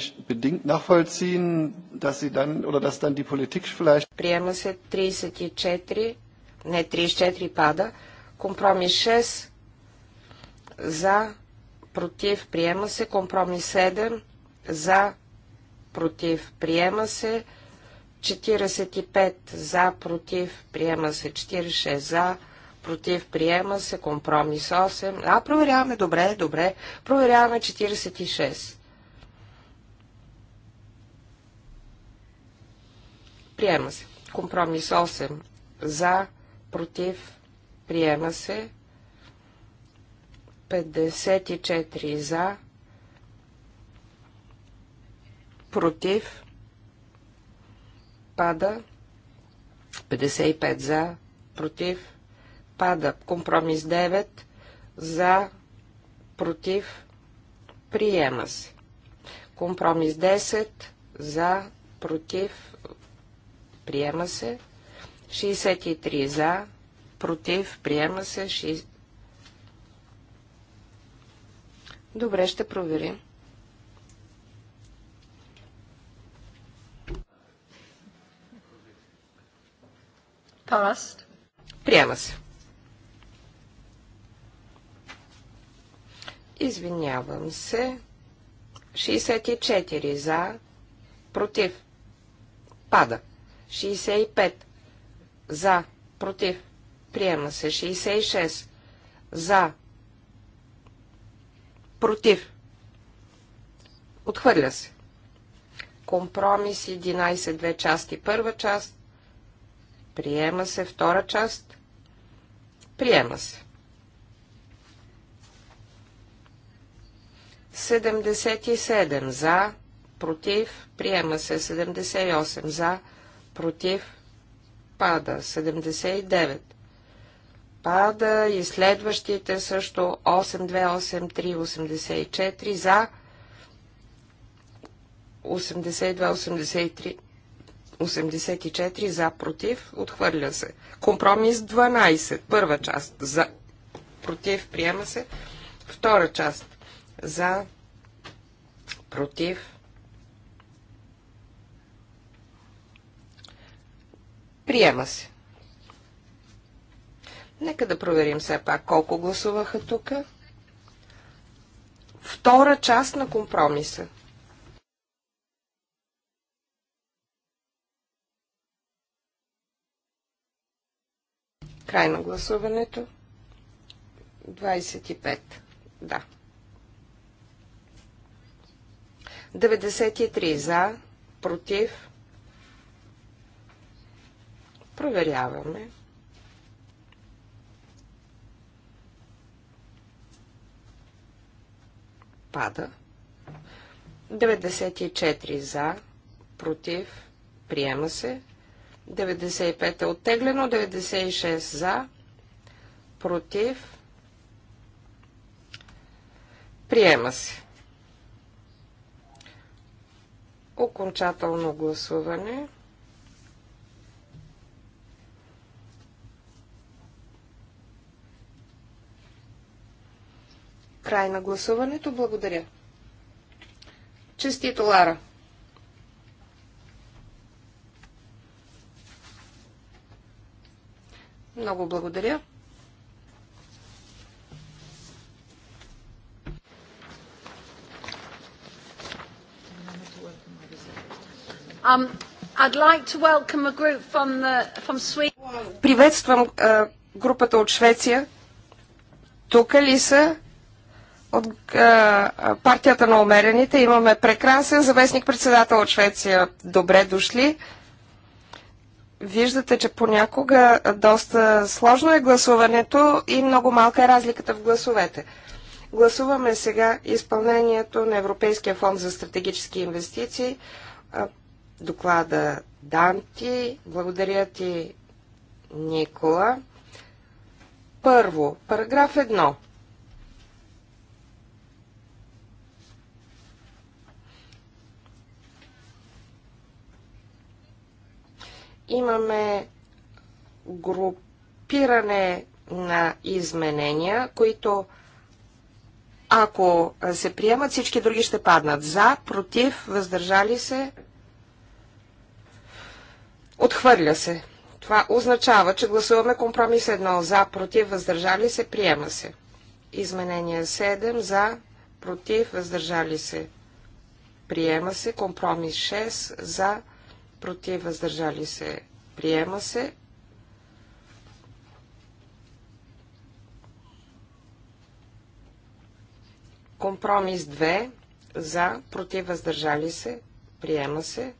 nicht bedingt nachvollziehen, dass sie dann oder dass dann die Politik vielleicht. Приема се 34, не 34 пада. Компромис 6 за, против, приема се. Компромис 7 за, против, приема се. 45 за, против, приема се. 46 за, против, приема се. Компромис 8. А, проверяваме, добре, добре. Проверяваме 46. Приема се. Компромис 8. За, против, приема се. 54 за, против, пада. 55 за, против, пада. Компромис 9 за, против, приема се. Компромис 10 за, против, приема се. 63 за, против, приема се. 6... Добре, ще проверим. Приема се. Извинявам се. 64 за, против. Пада. 65. За. Против. Приема се. 66. За. Против. Отхвърля се. Компромис 11, две части. Първа част. Приема се. Втора част. Приема се. 77 за, против, приема се 78 за, против, пада. 79. Пада и следващите също 8, 84 за 82, 83. 84 за против, отхвърля се. Компромис 12. Първа част за против, приема се. Втора част за против, Приема се. Нека да проверим все пак колко гласуваха тук. Втора част на компромиса. Край на гласуването. 25. Да. 93 за, против, Проверяваме. Пада. 94 за, против, приема се. 95 е оттеглено, 96 за, против, приема се. Окончателно гласуване. Край на гласуването. Благодаря. Честито, Лара. Много благодаря. Um, I'd like to welcome a group from the, from Sweden. Приветствам групата от Швеция. Тук ли са? от а, партията на умерените имаме прекрасен заместник-председател от Швеция. Добре дошли. Виждате, че понякога доста сложно е гласуването и много малка е разликата в гласовете. Гласуваме сега изпълнението на Европейския фонд за стратегически инвестиции. Доклада Данти. Благодаря ти, Никола. Първо, параграф имаме групиране на изменения, които ако се приемат, всички други ще паднат. За, против, въздържали се, отхвърля се. Това означава, че гласуваме компромис 1 за, против, въздържали се, приема се. Изменение 7 за, против, въздържали се, приема се. Компромис 6 за, против, въздържали се, приема се. Компромис 2, за, против, въздържали се, приема се.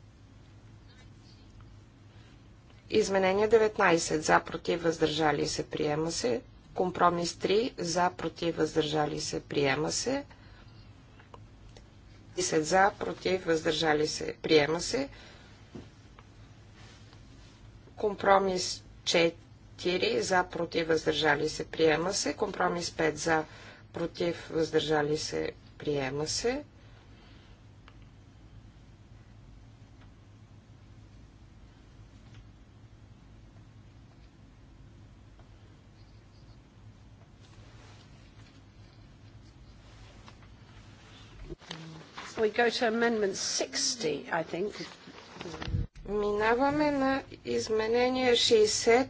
Изменение 19, за, против, въздържали се, приема се. Компромис 3, за, против, въздържали се, приема се. 10 за, против, въздържали се, приема се. Компромис 4 за, против, въздържали се, приема се. Компромис 5 за, против, въздържали се, приема се. We go to Amendment 60, I think. Минаваме на изменение 60,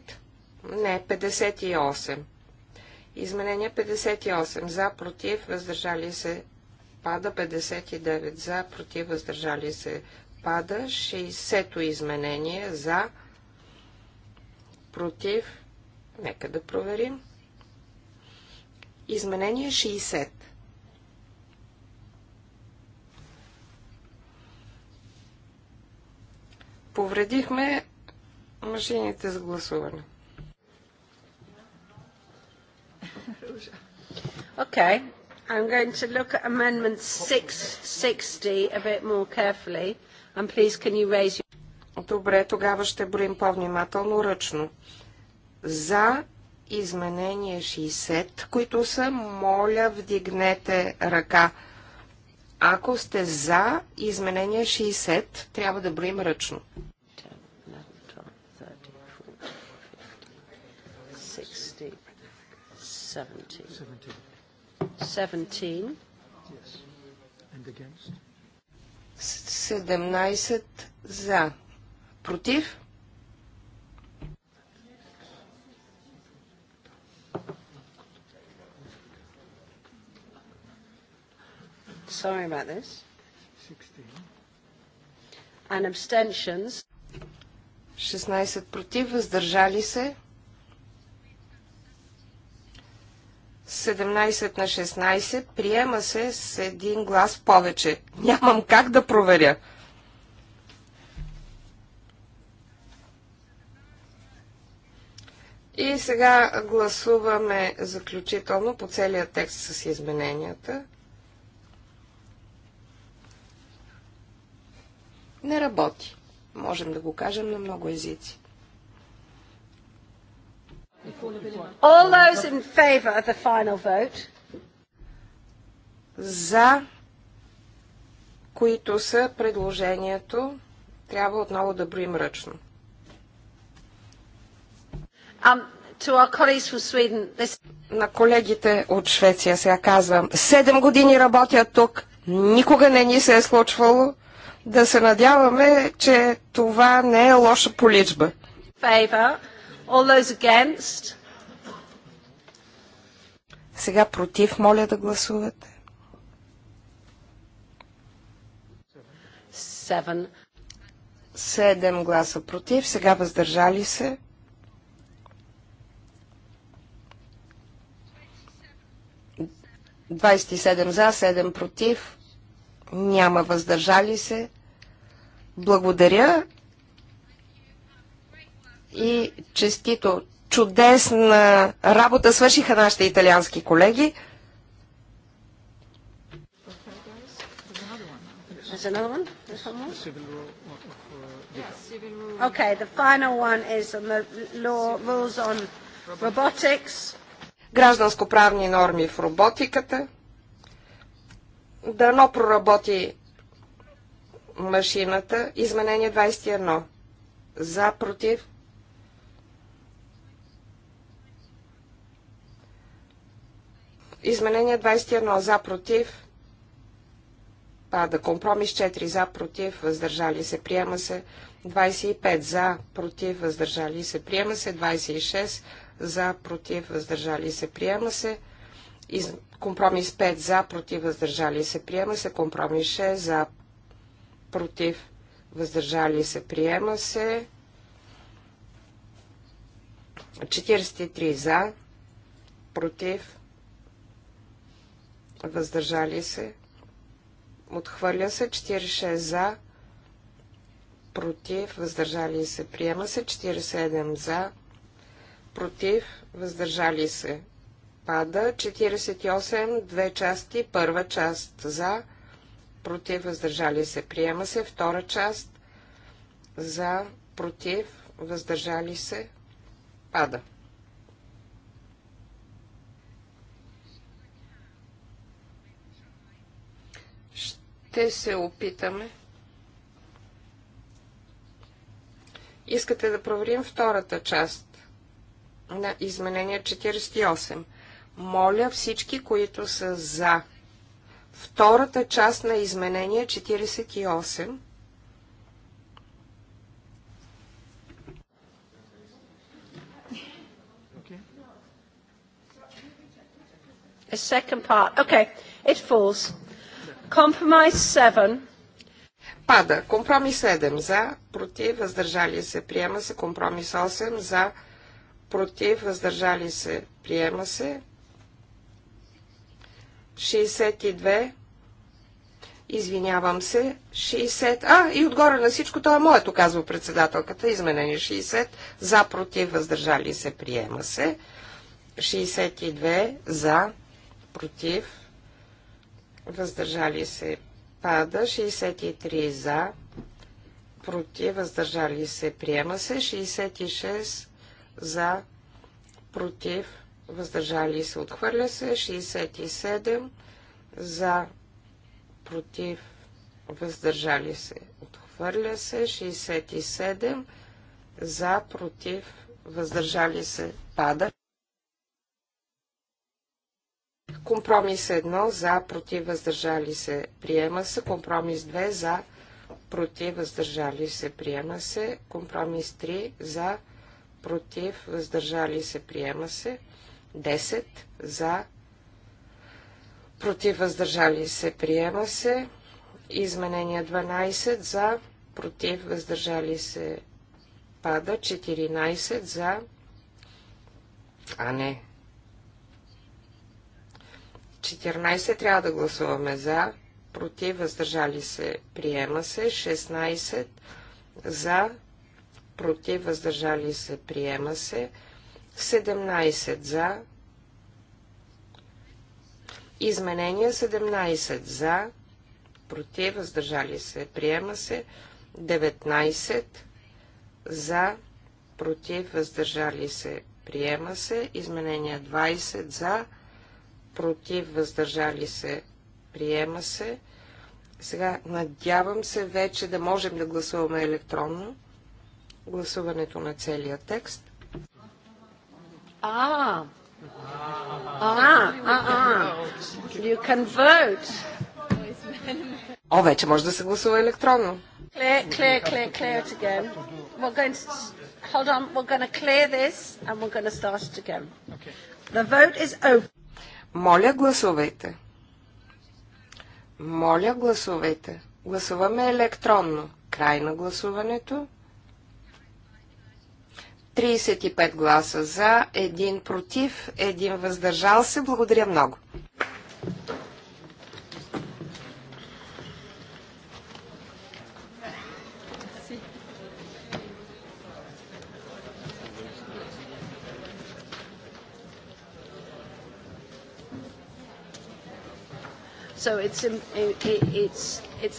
не, 58. Изменение 58. За, против, въздържали се, пада. 59. За, против, въздържали се, пада. 60-то изменение. За, против, нека да проверим. Изменение 60. повредихме машините за гласуване. Okay. I'm going to look at Amendment 660 a bit more carefully. And please, can you raise your... Добре, тогава ще броим по-внимателно ръчно. За изменение 60, които са, моля, вдигнете ръка. Ако сте за изменение 60, трябва да броим ръчно. Седемнайсет за. Против? Sorry about this. 16. And abstentions. 16 против, въздържали се. 17 на 16, приема се с един глас повече. Нямам как да проверя. И сега гласуваме заключително по целия текст с измененията. не работи. Можем да го кажем на много езици. All those in favor of the final vote. За които са предложението, трябва отново да броим ръчно. Um, Sweden, this... На колегите от Швеция сега казвам, седем години работя тук, никога не ни се е случвало да се надяваме, че това не е лоша поличба. Сега против, моля да гласувате. 7. 7 гласа против, сега въздържали се. 27 за, 7 против няма въздържали се. Благодаря и честито. Чудесна работа свършиха нашите италиански колеги. Гражданско-правни норми в роботиката. Дано проработи машината. Изменение 21. За, против. Изменение 21. За, против. Пада. Компромис 4. За, против. Въздържали се. Приема се. 25. За, против. Въздържали се. Приема се. 26. За, против. Въздържали се. Приема се. Из... Компромис 5 за, против, въздържали се, приема се. Компромис 6 за, против, въздържали се, приема се. 43 за, против, въздържали се, отхвърля се, 46 за, против, въздържали се, приема се, 47 за, против, въздържали се, Пада 48, две части, първа част за, против, въздържали се, приема се, втора част за, против, въздържали се, пада. Ще се опитаме. Искате да проверим втората част на изменение 48. Моля всички, които са за втората част на изменение 48, A second part. Okay, it falls. Compromise 7. Пада. Компромис 7 за, против, въздържали се, приема се. Компромис 8 за, против, въздържали се, приема се. 62. Извинявам се. 60. А, и отгоре на всичко, това е моето, казва председателката. Изменени 60. За, против, въздържали се, приема се. 62. За, против, въздържали се, пада. 63. За, против, въздържали се, приема се. 66. За, против, въздържали се, отхвърля се, 67 за, против, въздържали се, отхвърля се, 67 за, против, въздържали се, пада. Компромис 1 за, против, въздържали се, приема се. Компромис 2 за, против, въздържали се, приема се. Компромис 3 за, против, въздържали се, приема се. 10 за, против въздържали се, приема се. Изменение 12 за, против въздържали се, пада. 14 за, а не. 14 трябва да гласуваме за, против въздържали се, приема се. 16 за, против въздържали се, приема се. 17 за. Изменение 17 за. Против, въздържали се. Приема се 19 за. Против, въздържали се. Приема се. Изменение 20 за. Против, въздържали се. Приема се. Сега надявам се вече да можем да гласуваме електронно гласуването на целия текст. Ah. Ah, ah, ah. You can vote. О, вече може да се гласува електронно. Clear, clear, clear, clear it again. We're going to, hold on, we're going to clear this and we're going to start it again. The vote is open. Моля, гласувайте. Моля, гласувайте. Гласуваме електронно. Край на гласуването. 35 гласа за, 1 против, 1 въздържал се. Благодаря много. So it's, it's, it's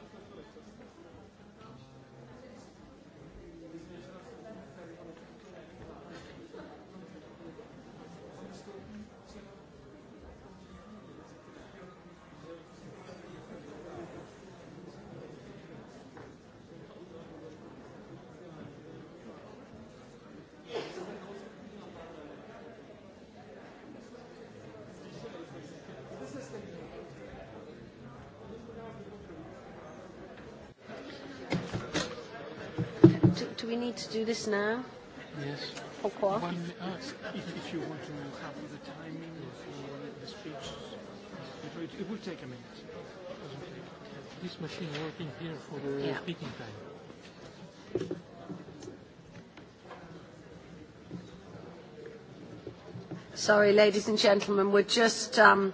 we need to do this now? Yes. Pourquoi? One, uh, if, if you want to have the timing for the speech, it, it will take a minute. This machine working here for the yeah. speaking time. Sorry, ladies and gentlemen, we're just um,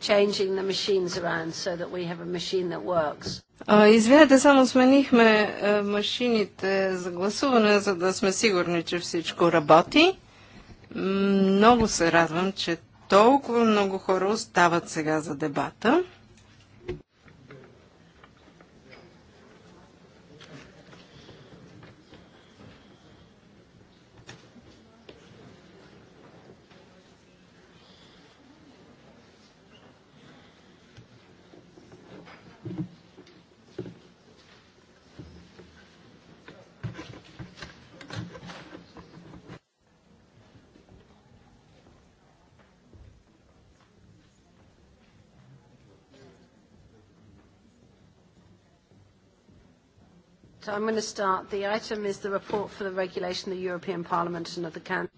changing the machines around so that we have a machine that works. Извинете, само сменихме е, машините за гласуване, за да сме сигурни, че всичко работи. Много се радвам, че толкова много хора остават сега за дебата.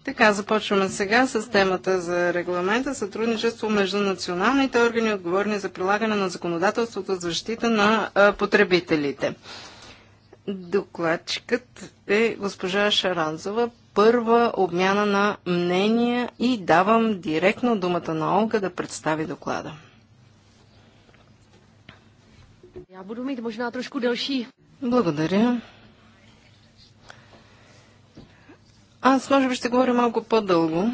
Така, започваме сега с темата за регламента сътрудничество между националните органи, отговорни за прилагане на законодателството за защита на потребителите. Докладчикът е госпожа Шаранзова. Първа обмяна на мнения и давам директно думата на Олга да представи доклада. Благодаря. Аз може би ще говоря малко по-дълго.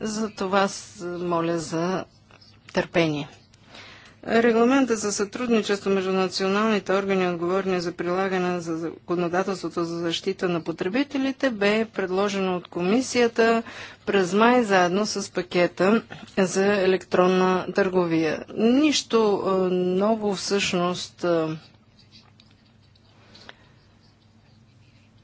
За това моля за търпение. Регламента за сътрудничество между националните органи, отговорни за прилагане за законодателството за защита на потребителите, бе предложено от комисията през май заедно с пакета за електронна търговия. Нищо ново всъщност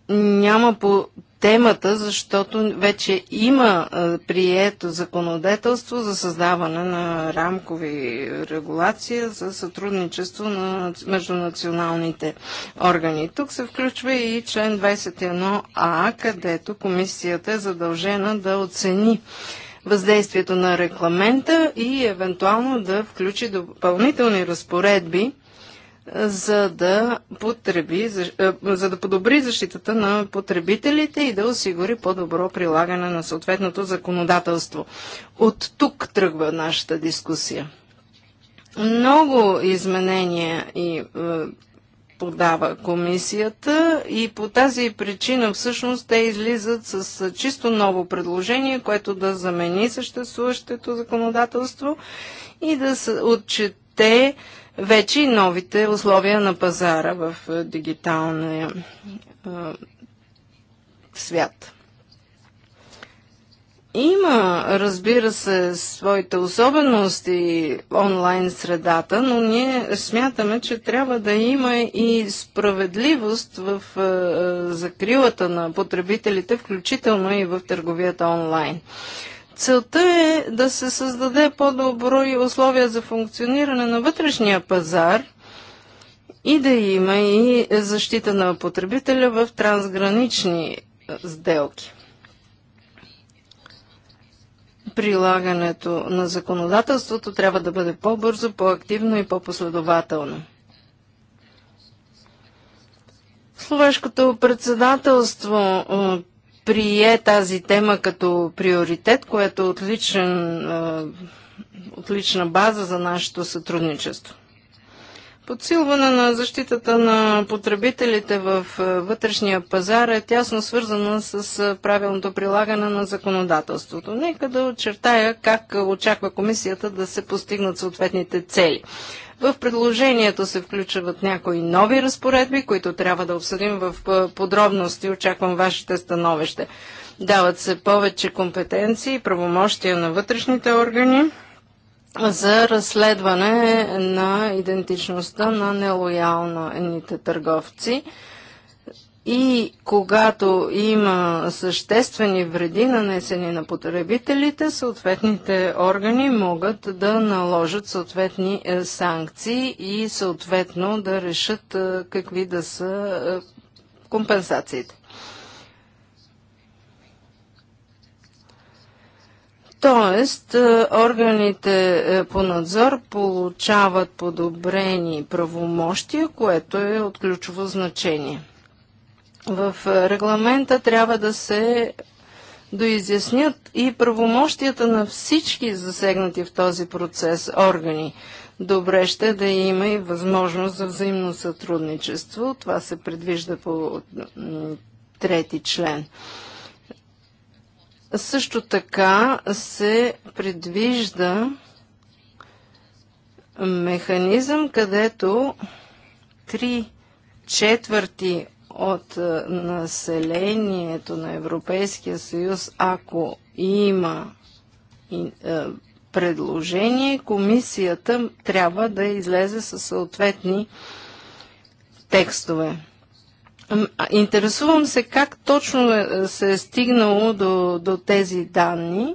няма по темата, защото вече има прието законодателство за създаване на рамкови регулации за сътрудничество на междунационалните органи. Тук се включва и член 21а, където комисията е задължена да оцени въздействието на рекламента и евентуално да включи допълнителни разпоредби, за да, потреби, е, за да подобри защитата на потребителите и да осигури по-добро прилагане на съответното законодателство. От тук тръгва нашата дискусия. Много изменения и е, подава комисията и по тази причина всъщност те излизат с чисто ново предложение, което да замени съществуващото законодателство и да се отчете те вече и новите условия на пазара в дигиталния свят. Има, разбира се, своите особености онлайн средата, но ние смятаме, че трябва да има и справедливост в закрилата на потребителите, включително и в търговията онлайн. Целта е да се създаде по-добро и условия за функциониране на вътрешния пазар и да има и защита на потребителя в трансгранични е, сделки. Прилагането на законодателството трябва да бъде по-бързо, по-активно и по-последователно. Словешкото председателство е, прие тази тема като приоритет, което е отличен, отлична база за нашето сътрудничество. Подсилване на защитата на потребителите в е, вътрешния пазар е тясно свързана с е, правилното прилагане на законодателството. Нека да очертая как очаква комисията да се постигнат съответните цели. В предложението се включват някои нови разпоредби, които трябва да обсъдим в е, подробности. Очаквам вашите становище. Дават се повече компетенции и правомощия на вътрешните органи за разследване на идентичността на нелоялните търговци. И когато има съществени вреди, нанесени на потребителите, съответните органи могат да наложат съответни е, санкции и съответно да решат е, какви да са е, компенсациите. Тоест, е, органите е, по надзор получават подобрени правомощия, което е от ключово значение. В е, регламента трябва да се доизяснят и правомощията на всички засегнати в този процес органи. Добре ще да има и възможност за взаимно сътрудничество. Това се предвижда по трети член. Също така се предвижда механизъм, където три четвърти от населението на Европейския съюз, ако има предложение, комисията трябва да излезе със съответни текстове. Интересувам се как точно е, се е стигнало до, до тези данни.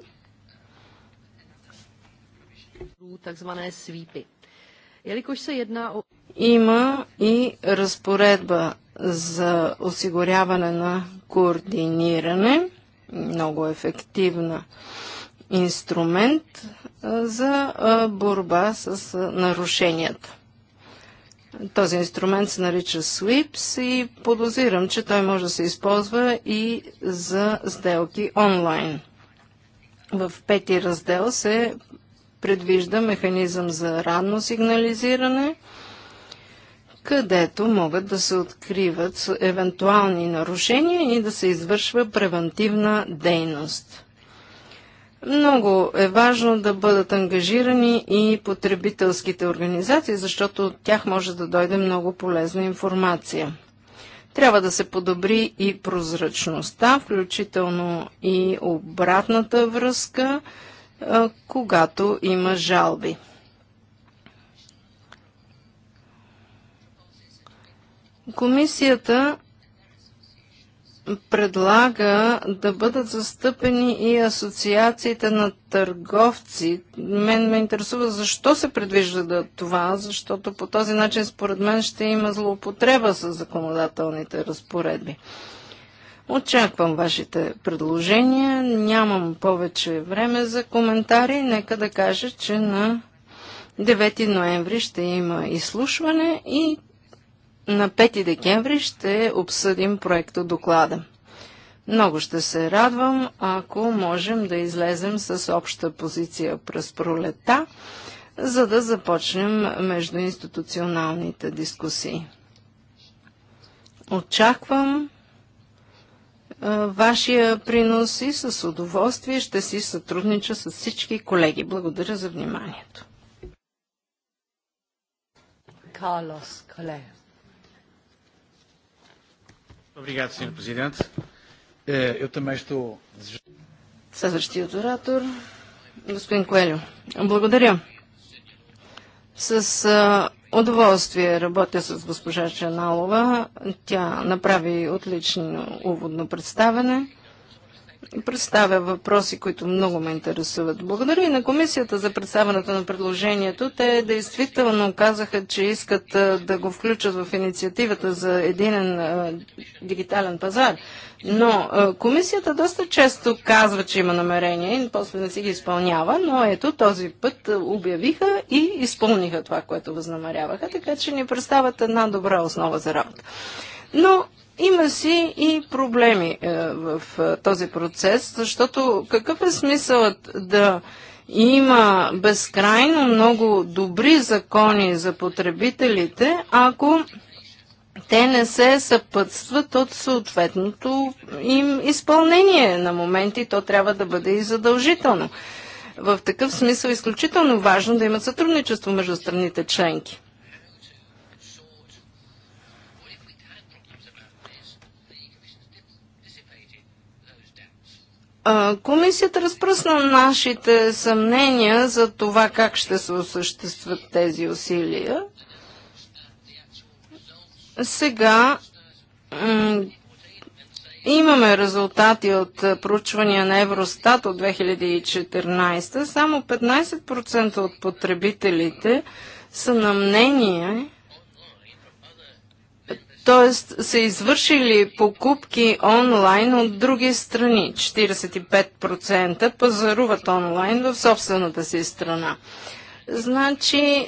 Има и разпоредба за осигуряване на координиране, много ефективна инструмент за борба с нарушенията. Този инструмент се нарича SWIPS и подозирам, че той може да се използва и за сделки онлайн. В пети раздел се предвижда механизъм за ранно сигнализиране, където могат да се откриват евентуални нарушения и да се извършва превентивна дейност. Много е важно да бъдат ангажирани и потребителските организации, защото от тях може да дойде много полезна информация. Трябва да се подобри и прозрачността, включително и обратната връзка, когато има жалби. Комисията предлага да бъдат застъпени и асоциациите на търговци. Мен ме интересува защо се предвижда да е това, защото по този начин според мен ще има злоупотреба с законодателните разпоредби. Очаквам вашите предложения. Нямам повече време за коментари. Нека да кажа, че на 9 ноември ще има изслушване и на 5 декември ще обсъдим проекто доклада. Много ще се радвам, ако можем да излезем с обща позиция през пролета, за да започнем междуинституционалните дискусии. Очаквам вашия принос и с удоволствие ще си сътруднича с всички колеги. Благодаря за вниманието. Carlos Coleo. Obrigado, Sr. Presidente. Eh, eu também estou... Следващият оратор, господин Коелю. Благодаря. С удоволствие работя с госпожа Чаналова. Тя направи отлично уводно представене представя въпроси, които много ме интересуват. Благодаря и на комисията за представянето на предложението. Те действително казаха, че искат да го включат в инициативата за един дигитален пазар. Но комисията доста често казва, че има намерение и после не си ги изпълнява, но ето този път обявиха и изпълниха това, което възнамеряваха, така че ни представят една добра основа за работа. Но има си и проблеми е, в е, този процес, защото какъв е смисълът да има безкрайно много добри закони за потребителите, ако те не се съпътстват от съответното им изпълнение. На моменти то трябва да бъде и задължително. В такъв смисъл е изключително важно да имат сътрудничество между страните членки. Комисията разпръсна нашите съмнения за това как ще се осъществят тези усилия. Сега имаме резултати от проучвания на Евростат от 2014. Само 15% от потребителите са на мнение, т.е. са извършили покупки онлайн от други страни. 45% пазаруват онлайн в собствената си страна. Значи,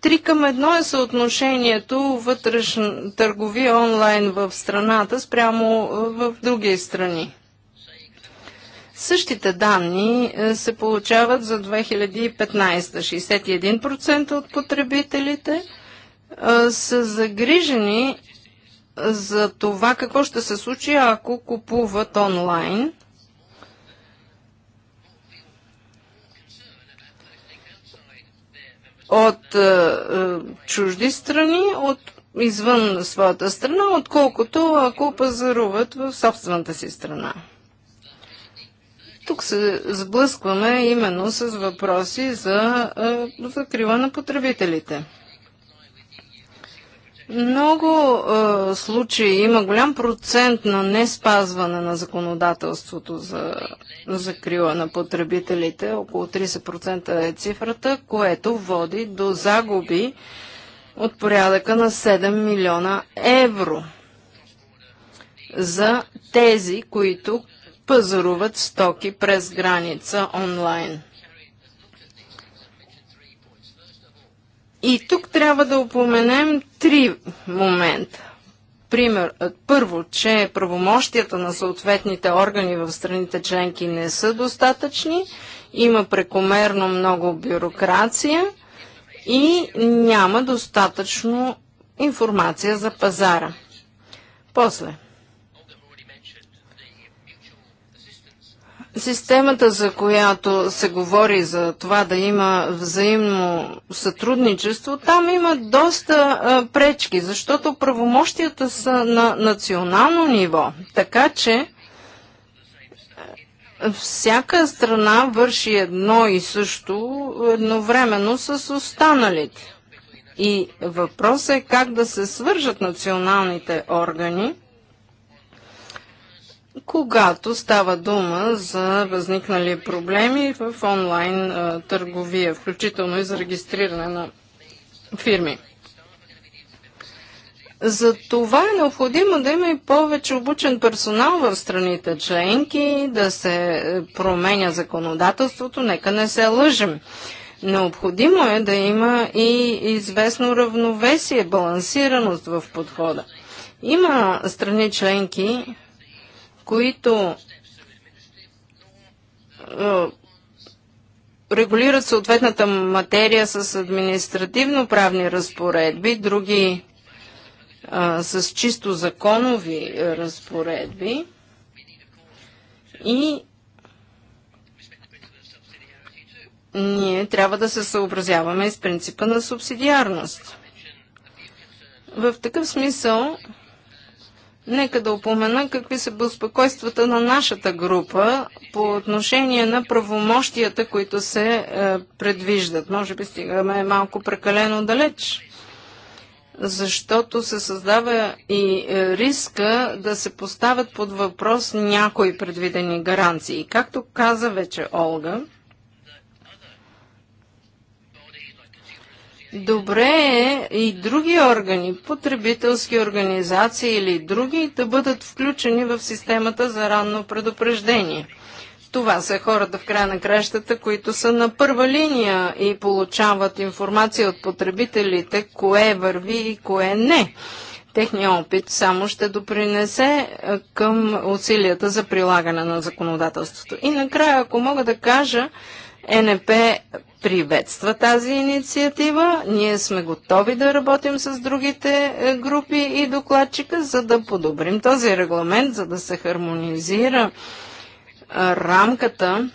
Три към едно е съотношението вътрешна търговия онлайн в страната спрямо в други страни. Същите данни се получават за 2015. 61% от потребителите – са загрижени за това какво ще се случи, ако купуват онлайн. от е, чужди страни, от извън своята страна, отколкото ако пазаруват в собствената си страна. Тук се сблъскваме именно с въпроси за е, закрива на потребителите. Много е, случаи има голям процент на не спазване на законодателството за закрила на потребителите. Около 30% е цифрата, което води до загуби от порядъка на 7 милиона евро за тези, които пазаруват стоки през граница онлайн. И тук трябва да упоменем три момента. Пример, е, първо, че правомощията на съответните органи в страните членки не са достатъчни, има прекомерно много бюрокрация и няма достатъчно информация за пазара. После, Системата, за която се говори за това да има взаимно сътрудничество, там има доста а, пречки, защото правомощията са на национално ниво. Така че всяка страна върши едно и също едновременно с останалите. И въпросът е как да се свържат националните органи когато става дума за възникнали проблеми в онлайн търговия, включително и за регистриране на фирми. За това е необходимо да има и повече обучен персонал в страните членки, да се е, променя законодателството, нека не се лъжим. Необходимо е да има и известно равновесие, балансираност в подхода. Има страни членки, които е, регулират съответната материя с административно-правни разпоредби, други а, е, с чисто законови разпоредби и ние трябва да се съобразяваме с принципа на субсидиарност. В такъв смисъл Нека да упомена какви са безпокойствата на нашата група по отношение на правомощията, които се е, предвиждат. Може би стигаме малко прекалено далеч, защото се създава и е, риска да се поставят под въпрос някои предвидени гаранции. Както каза вече Олга, добре е и други органи, потребителски организации или други, да бъдат включени в системата за ранно предупреждение. Това са хората в края на кращата, които са на първа линия и получават информация от потребителите, кое върви и кое не. Техният опит само ще допринесе е, към усилията за прилагане на законодателството. И накрая, ако мога да кажа, ЕНП приветства тази инициатива. Ние сме готови да работим с другите е, групи и докладчика, за да подобрим този регламент, за да се хармонизира рамката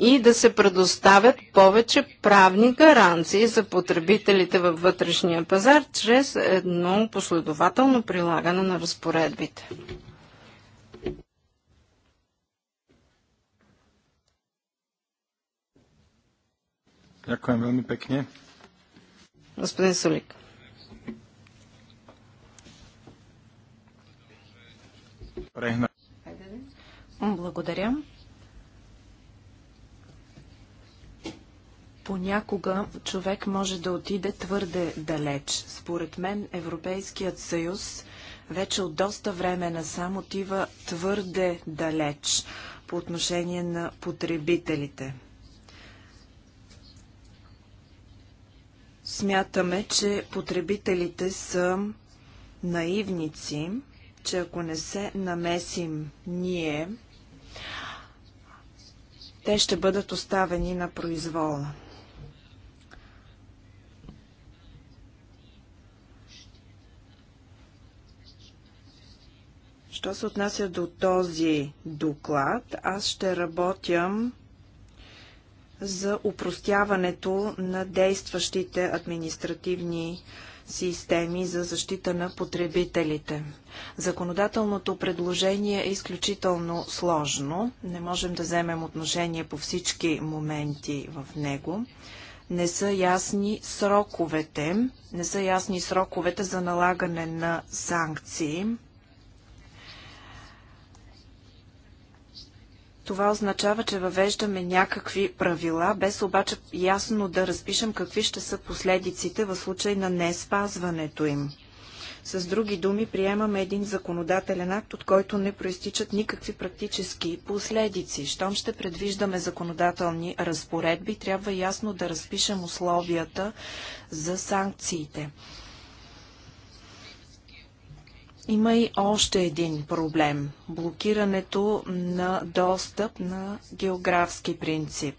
и да се предоставят повече правни гаранции за потребителите във вътрешния пазар чрез едно последователно прилагане на разпоредбите. Ďakujem veľmi pekne. Господин Сулик. Благодаря. Понякога човек може да отиде твърде далеч. Според мен Европейският съюз вече от доста време насам отива твърде далеч по отношение на потребителите. Смятаме, че потребителите са наивници, че ако не се намесим ние, те ще бъдат оставени на произвола. Що се отнася до този доклад, аз ще работя за упростяването на действащите административни системи за защита на потребителите. Законодателното предложение е изключително сложно. Не можем да вземем отношение по всички моменти в него. Не са ясни сроковете, не са ясни сроковете за налагане на санкции. Това означава, че въвеждаме някакви правила, без обаче ясно да разпишем какви ще са последиците в случай на не спазването им. С други думи, приемаме един законодателен акт, от който не проистичат никакви практически последици. Щом ще предвиждаме законодателни разпоредби, трябва ясно да разпишем условията за санкциите. Има и още един проблем – блокирането на достъп на географски принцип.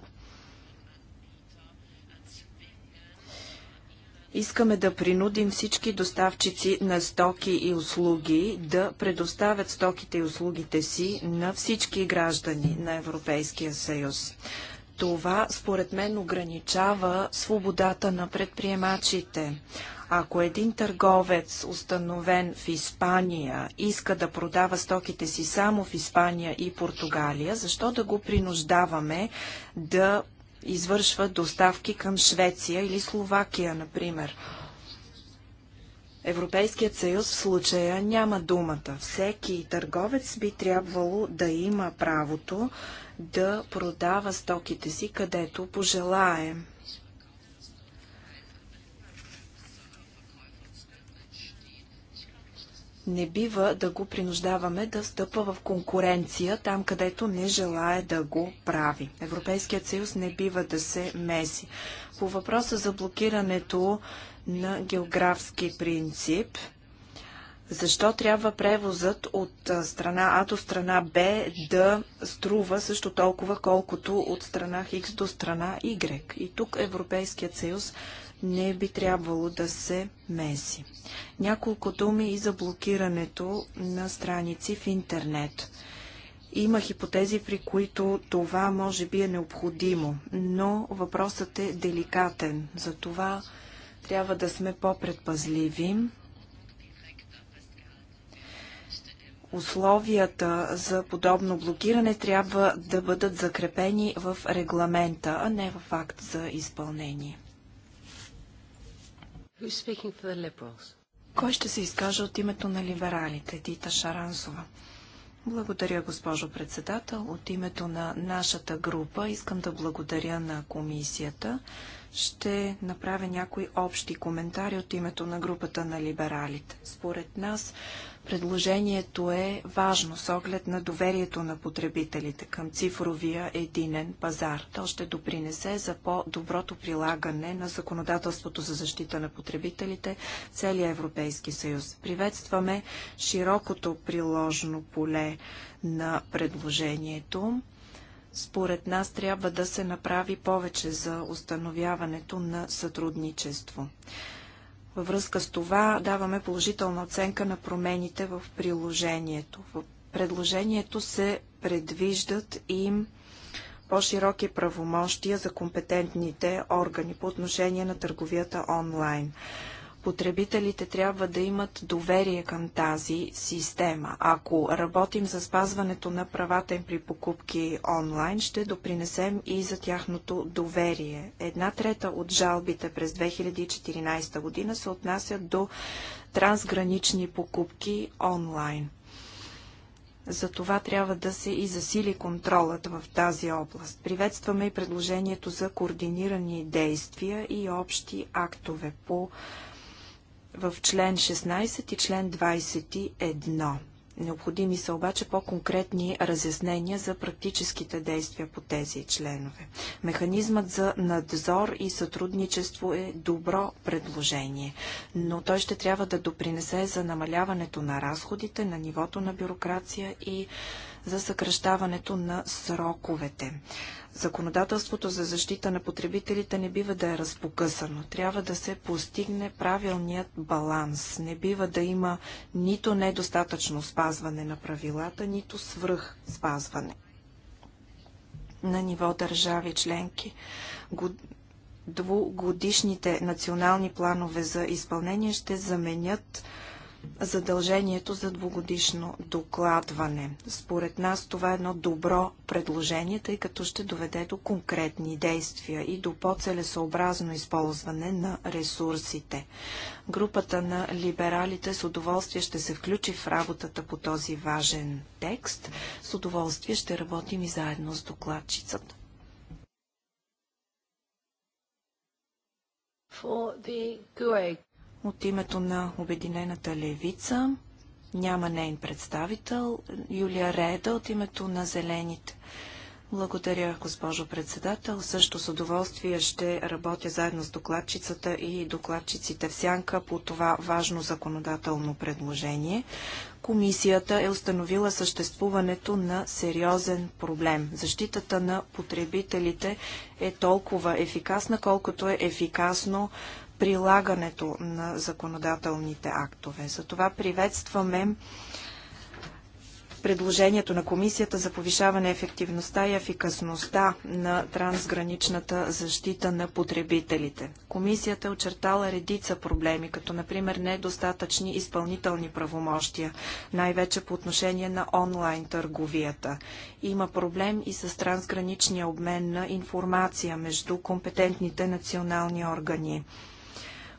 Искаме да принудим всички доставчици на стоки и услуги да предоставят стоките и услугите си на всички граждани на Европейския съюз. Това, според мен, ограничава свободата на предприемачите. Ако един търговец, установен в Испания, иска да продава стоките си само в Испания и Португалия, защо да го принуждаваме да извършва доставки към Швеция или Словакия, например? Европейският съюз в случая няма думата. Всеки търговец би трябвало да има правото да продава стоките си където пожелаем. не бива да го принуждаваме да стъпва в конкуренция там, където не желая да го прави. Европейският съюз не бива да се меси. По въпроса за блокирането на географски принцип, защо трябва превозът от страна А до страна Б да струва също толкова, колкото от страна Х до страна Y? И тук Европейският съюз не би трябвало да се меси. Няколко думи и за блокирането на страници в интернет. Има хипотези, при които това може би е необходимо, но въпросът е деликатен. Затова трябва да сме по-предпазливи. условията за подобно блокиране трябва да бъдат закрепени в регламента, а не в акт за изпълнение. Кой ще се изкаже от името на либералите? Дита Шарансова. Благодаря, госпожо председател. От името на нашата група искам да благодаря на комисията. Ще направя някои общи коментари от името на групата на либералите. Според нас Предложението е важно с оглед на доверието на потребителите към цифровия единен пазар. То ще допринесе за по-доброто прилагане на законодателството за защита на потребителите в целия Европейски съюз. Приветстваме широкото приложно поле на предложението. Според нас трябва да се направи повече за установяването на сътрудничество. Във връзка с това даваме положителна оценка на промените в приложението. В предложението се предвиждат им по-широки правомощия за компетентните органи по отношение на търговията онлайн потребителите трябва да имат доверие към тази система. Ако работим за спазването на правата им при покупки онлайн, ще допринесем и за тяхното доверие. Една трета от жалбите през 2014 година се отнасят до трансгранични покупки онлайн. За това трябва да се и засили контролът в тази област. Приветстваме и предложението за координирани действия и общи актове по в член 16 и член 21. Необходими са обаче по-конкретни разяснения за практическите действия по тези членове. Механизмът за надзор и сътрудничество е добро предложение, но той ще трябва да допринесе за намаляването на разходите, на нивото на бюрокрация и за съкръщаването на сроковете. Законодателството за защита на потребителите не бива да е разпокъсано. Трябва да се постигне правилният баланс. Не бива да има нито недостатъчно спазване на правилата, нито свръх спазване на ниво държави членки. Двугодишните национални планове за изпълнение ще заменят задължението за двугодишно докладване. Според нас това е едно добро предложение, тъй като ще доведе до конкретни действия и до по-целесообразно използване на ресурсите. Групата на либералите с удоволствие ще се включи в работата по този важен текст. С удоволствие ще работим и заедно с докладчицата. For the GUE от името на Обединената левица няма нейн представител. Юлия Реда от името на Зелените. Благодаря, госпожо председател. Също с удоволствие ще работя заедно с докладчицата и докладчиците в сянка по това важно законодателно предложение. Комисията е установила съществуването на сериозен проблем. Защитата на потребителите е толкова ефикасна, колкото е ефикасно прилагането на законодателните актове. Затова приветстваме предложението на Комисията за повишаване ефективността и ефикасността на трансграничната защита на потребителите. Комисията е очертала редица проблеми, като например недостатъчни изпълнителни правомощия, най-вече по отношение на онлайн търговията. Има проблем и с трансграничния обмен на информация между компетентните национални органи.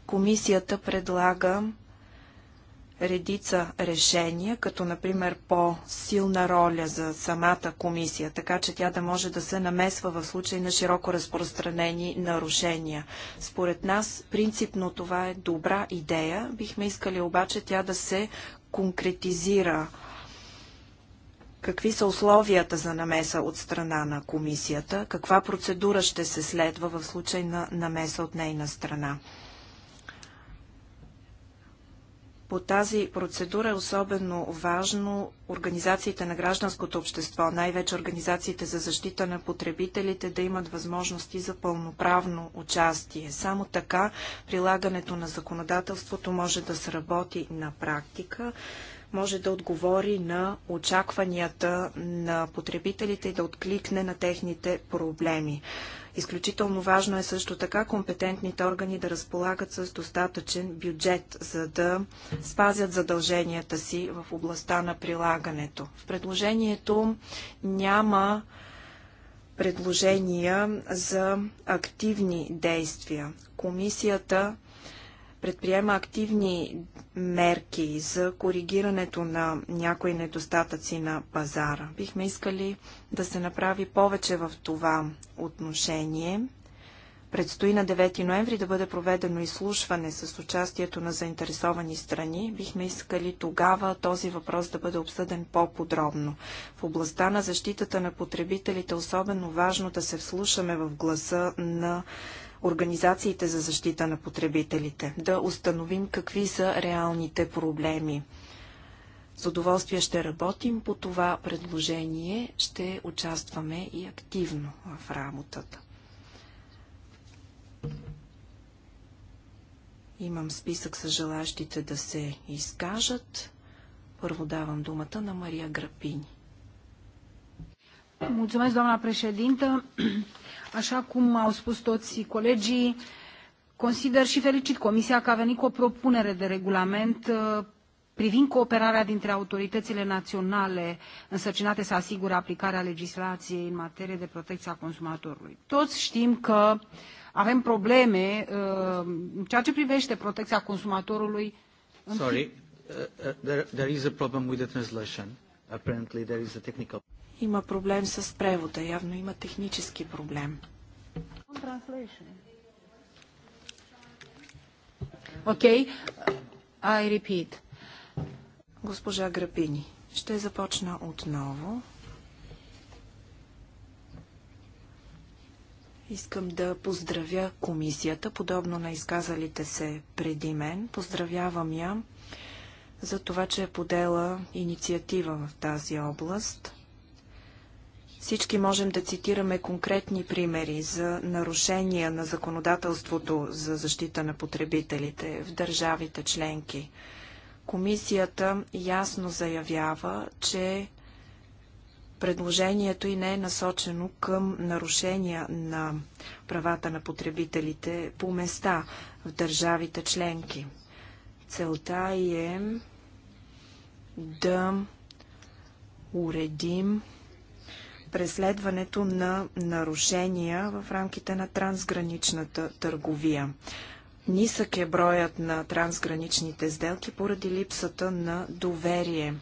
Комисията предлага редица решения, като например по-силна роля за самата комисия, така че тя да може да се намесва в случай на широко разпространени нарушения. Според нас принципно това е добра идея, бихме искали обаче тя да се конкретизира. Какви са условията за намеса от страна на комисията? Каква процедура ще се следва в случай на намеса от нейна страна? По тази процедура е особено важно организациите на гражданското общество, най-вече организациите за защита на потребителите, да имат възможности за пълноправно участие. Само така прилагането на законодателството може да сработи на практика може да отговори на очакванията на потребителите и да откликне на техните проблеми. Изключително важно е също така компетентните органи да разполагат с достатъчен бюджет, за да спазят задълженията си в областта на прилагането. В предложението няма предложения за активни действия. Комисията предприема активни мерки за коригирането на някои недостатъци на пазара. Бихме искали да се направи повече в това отношение. Предстои на 9 ноември да бъде проведено изслушване с участието на заинтересовани страни. Бихме искали тогава този въпрос да бъде обсъден по-подробно. В областта на защитата на потребителите особено важно да се вслушаме в гласа на организациите за защита на потребителите, да установим какви са реалните проблеми. С удоволствие ще работим по това предложение, ще участваме и активно в работата. Имам списък с желащите да се изкажат. Първо давам думата на Мария Грапини. Mulțumesc, doamna președintă. Așa cum au spus toți colegii, consider și felicit Comisia că a venit cu o propunere de regulament privind cooperarea dintre autoritățile naționale însărcinate să asigure aplicarea legislației în materie de protecție a consumatorului. Toți știm că avem probleme în ceea ce privește protecția consumatorului. Sorry, uh, uh, there, there is a problem with the translation. Apparently there is a technical... Има проблем с превода. Явно има технически проблем. Окей, okay. I repeat. Госпожа Грапини, ще започна отново. Искам да поздравя комисията, подобно на изказалите се преди мен. Поздравявам я за това, че е подела инициатива в тази област. Всички можем да цитираме конкретни примери за нарушения на законодателството за защита на потребителите в държавите членки. Комисията ясно заявява, че предложението и не е насочено към нарушения на правата на потребителите по места в държавите членки. Целта е да уредим преследването на нарушения в рамките на трансграничната търговия. Нисък е броят на трансграничните сделки поради липсата на доверие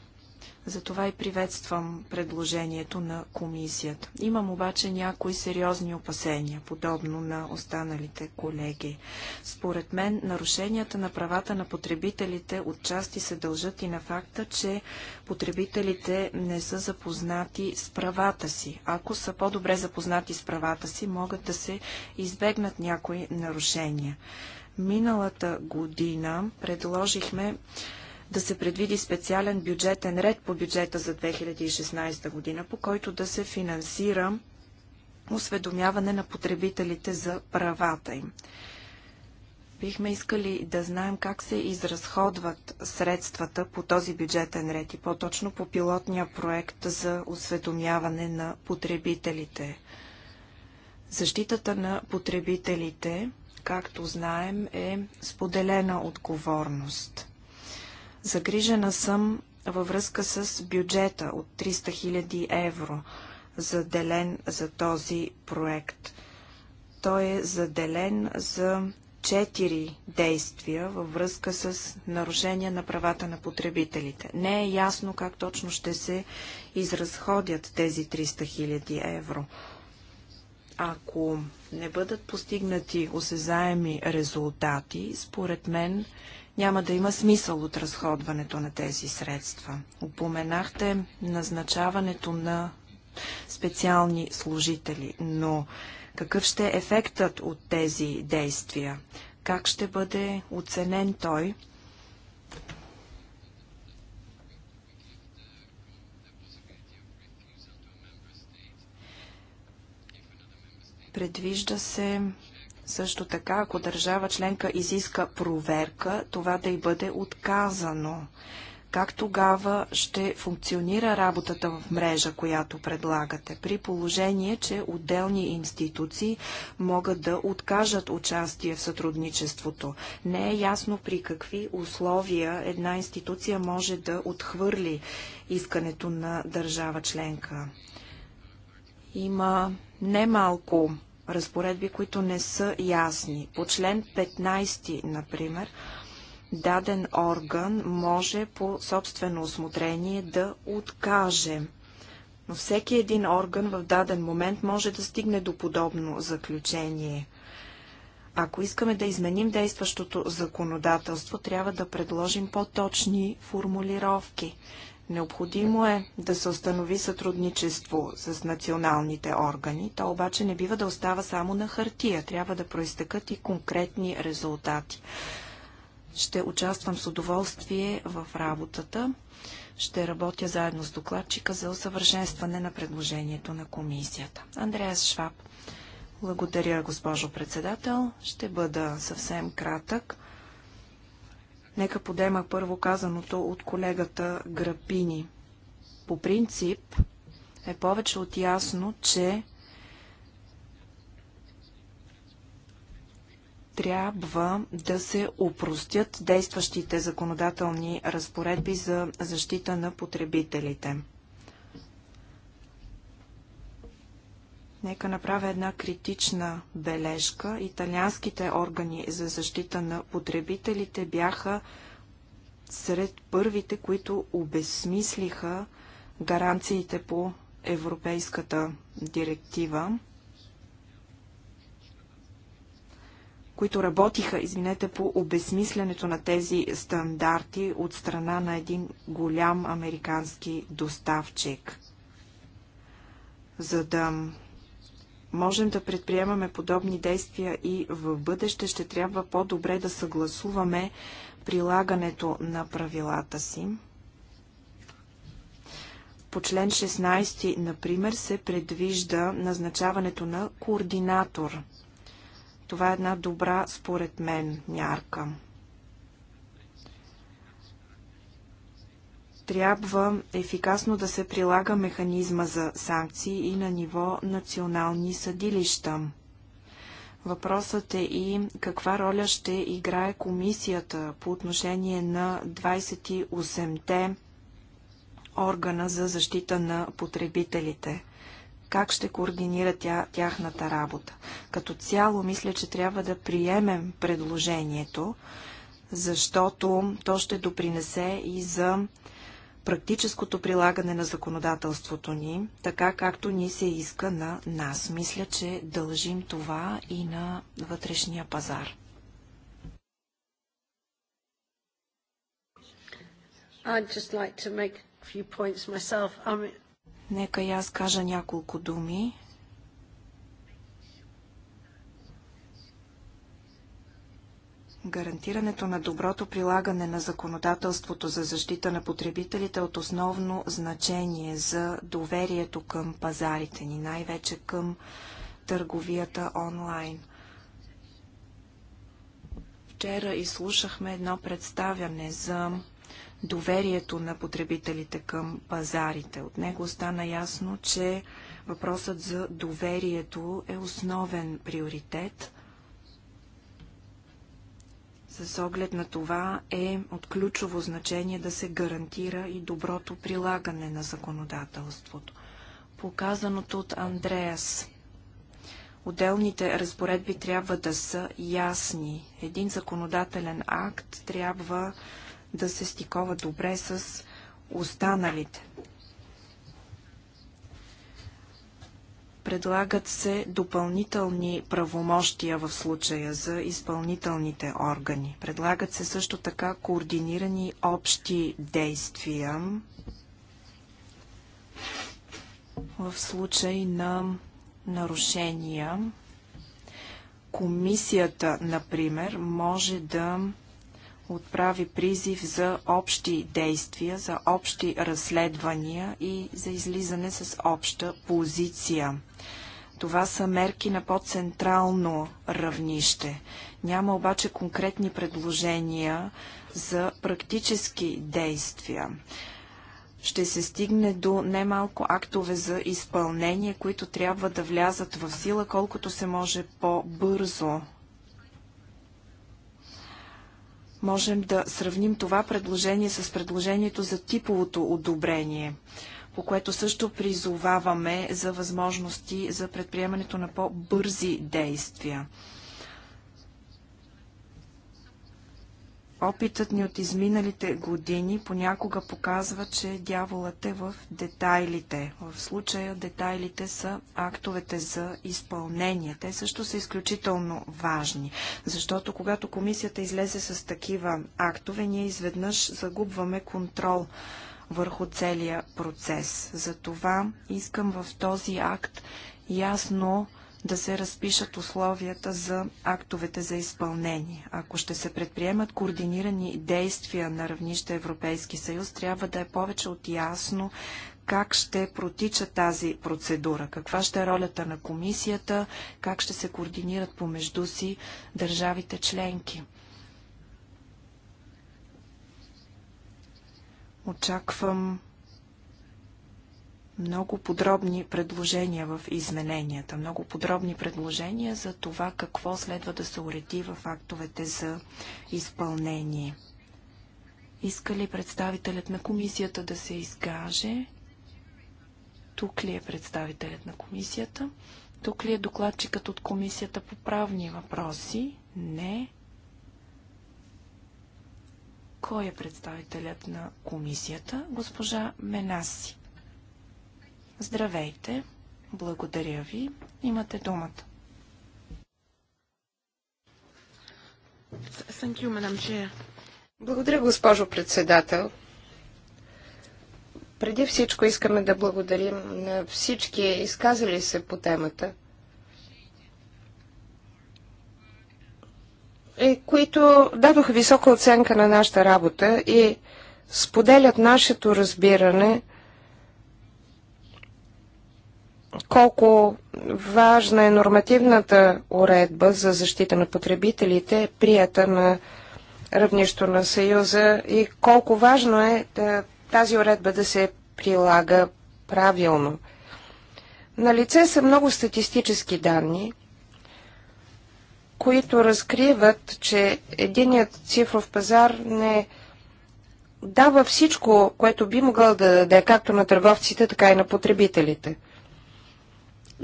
затова и приветствам предложението на комисията. Имам обаче някои сериозни опасения, подобно на останалите колеги. Според мен, нарушенията на правата на потребителите отчасти се дължат и на факта, че потребителите не са запознати с правата си. Ако са по-добре запознати с правата си, могат да се избегнат някои нарушения. Миналата година предложихме да се предвиди специален бюджетен ред по бюджета за 2016 година, по който да се финансира осведомяване на потребителите за правата им. Бихме искали да знаем как се изразходват средствата по този бюджетен ред и по-точно по пилотния проект за осведомяване на потребителите. Защитата на потребителите, както знаем, е споделена отговорност. Загрижена съм във връзка с бюджета от 300 000 евро, заделен за този проект. Той е заделен за четири действия във връзка с нарушение на правата на потребителите. Не е ясно как точно ще се изразходят тези 300 000 евро. Ако не бъдат постигнати осезаеми резултати, според мен няма да има смисъл от разходването на тези средства. Упоменахте назначаването на специални служители, но какъв ще е ефектът от тези действия? Как ще бъде оценен той? Предвижда се също така, ако държава членка изиска проверка, това да й бъде отказано. Как тогава ще функционира работата в мрежа, която предлагате, при положение, че отделни институции могат да откажат участие в сътрудничеството? Не е ясно при какви условия една институция може да отхвърли искането на държава членка. Има немалко малко разпоредби, които не са ясни. По член 15, например, даден орган може по собствено осмотрение да откаже. Но всеки един орган в даден момент може да стигне до подобно заключение. Ако искаме да изменим действащото законодателство, трябва да предложим по-точни формулировки. Необходимо е да се установи сътрудничество с националните органи. То обаче не бива да остава само на хартия. Трябва да проистъкат и конкретни резултати. Ще участвам с удоволствие в работата. Ще работя заедно с докладчика за усъвършенстване на предложението на комисията. Андреас Шваб. Благодаря, госпожо председател. Ще бъда съвсем кратък. Нека подема първо казаното от колегата Грапини. По принцип е повече от ясно, че трябва да се упростят действащите законодателни разпоредби за защита на потребителите. Нека направя една критична бележка. Италианските органи за защита на потребителите бяха сред първите, които обезсмислиха гаранциите по Европейската директива, които работиха, извинете, по обезсмислянето на тези стандарти от страна на един голям американски доставчик. За да можем да предприемаме подобни действия и в бъдеще, ще трябва по-добре да съгласуваме прилагането на правилата си. По член 16, например, се предвижда назначаването на координатор. Това е една добра, според мен, мярка. трябва ефикасно да се прилага механизма за санкции и на ниво национални съдилища. Въпросът е и каква роля ще играе комисията по отношение на 28-те органа за защита на потребителите. Как ще координира тя, тяхната работа? Като цяло, мисля, че трябва да приемем предложението, защото то ще допринесе и за практическото прилагане на законодателството ни, така както ни се иска на нас. Мисля, че дължим това и на вътрешния пазар. Like Нека и аз кажа няколко думи. Гарантирането на доброто прилагане на законодателството за защита на потребителите е от основно значение за доверието към пазарите ни, най-вече към търговията онлайн. Вчера изслушахме едно представяне за доверието на потребителите към пазарите. От него стана ясно, че въпросът за доверието е основен приоритет – с оглед на това е от ключово значение да се гарантира и доброто прилагане на законодателството. Показаното от Андреас. Отделните разпоредби трябва да са ясни. Един законодателен акт трябва да се стикова добре с останалите. Предлагат се допълнителни правомощия в случая за изпълнителните органи. Предлагат се също така координирани общи действия в случай на нарушения. Комисията, например, може да отправи призив за общи действия, за общи разследвания и за излизане с обща позиция. Това са мерки на по-централно равнище. Няма обаче конкретни предложения за практически действия. Ще се стигне до немалко актове за изпълнение, които трябва да влязат в сила колкото се може по-бързо. можем да сравним това предложение с предложението за типовото одобрение, по което също призоваваме за възможности за предприемането на по-бързи действия. Опитът ни от изминалите години понякога показва, че дяволът е в детайлите. В случая детайлите са актовете за изпълнение. Те също са изключително важни, защото когато комисията излезе с такива актове, ние изведнъж загубваме контрол върху целия процес. Затова искам в този акт ясно да се разпишат условията за актовете за изпълнение. Ако ще се предприемат координирани действия на равнище Европейски съюз, трябва да е повече от ясно как ще протича тази процедура, каква ще е ролята на комисията, как ще се координират помежду си държавите членки. Очаквам много подробни предложения в измененията, много подробни предложения за това какво следва да се уреди в актовете за изпълнение. Иска ли представителят на комисията да се изкаже? Тук ли е представителят на комисията? Тук ли е докладчикът от комисията по правни въпроси? Не. Кой е представителят на комисията? Госпожа Менаси. Здравейте! Благодаря ви. Имате думата. Благодаря, госпожо председател. Преди всичко искаме да благодарим на всички изказали се по темата, които дадоха висока оценка на нашата работа и споделят нашето разбиране – колко важна е нормативната уредба за защита на потребителите, прията на равнището на Съюза и колко важно е да, е, тази уредба да се прилага правилно. На лице са много статистически данни, които разкриват, че единият цифров пазар не дава всичко, което би могъл да даде както на търговците, така и на потребителите –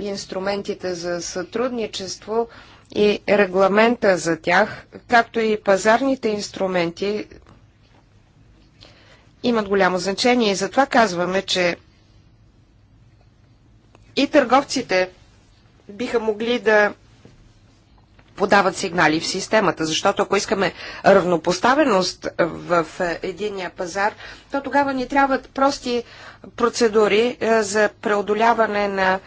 инструментите за сътрудничество и регламента за тях, както и пазарните инструменти, имат голямо значение и затова казваме, че и търговците биха могли да подават сигнали в системата, защото ако искаме равнопоставеност в е, единия пазар, то тогава ни трябват прости процедури е, за преодоляване на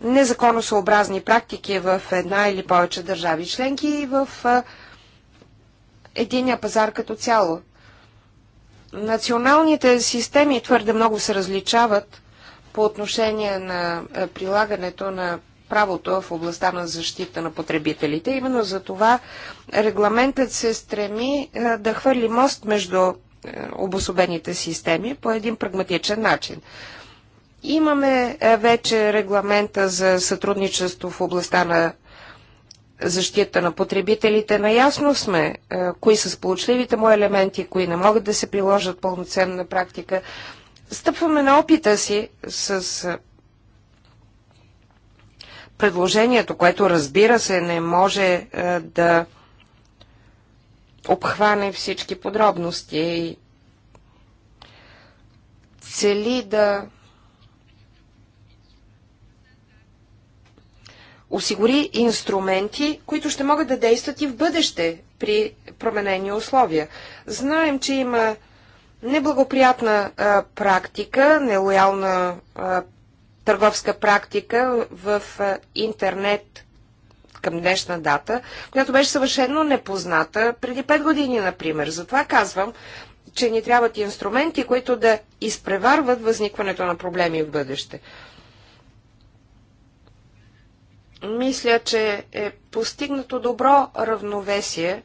незаконосъобразни практики в една или повече държави членки и в единия пазар като цяло. Националните системи твърде много се различават по отношение на прилагането на правото в областта на защита на потребителите. Именно за това регламентът се стреми да хвърли мост между обособените системи по един прагматичен начин. Имаме е, вече регламента за сътрудничество в областта на защита на потребителите. Наясно сме е, кои са сполучливите му елементи, кои не могат да се приложат пълноценна практика. Стъпваме на опита си с е, предложението, което разбира се не може да обхване всички подробности и цели да осигури инструменти, които ще могат да действат и в бъдеще при променени условия. Знаем, че има неблагоприятна а, практика, нелоялна а, търговска практика в а, интернет към днешна дата, която беше съвършено непозната преди 5 години, например. Затова казвам, че ни трябват инструменти, които да изпреварват възникването на проблеми в бъдеще мисля, че е постигнато добро равновесие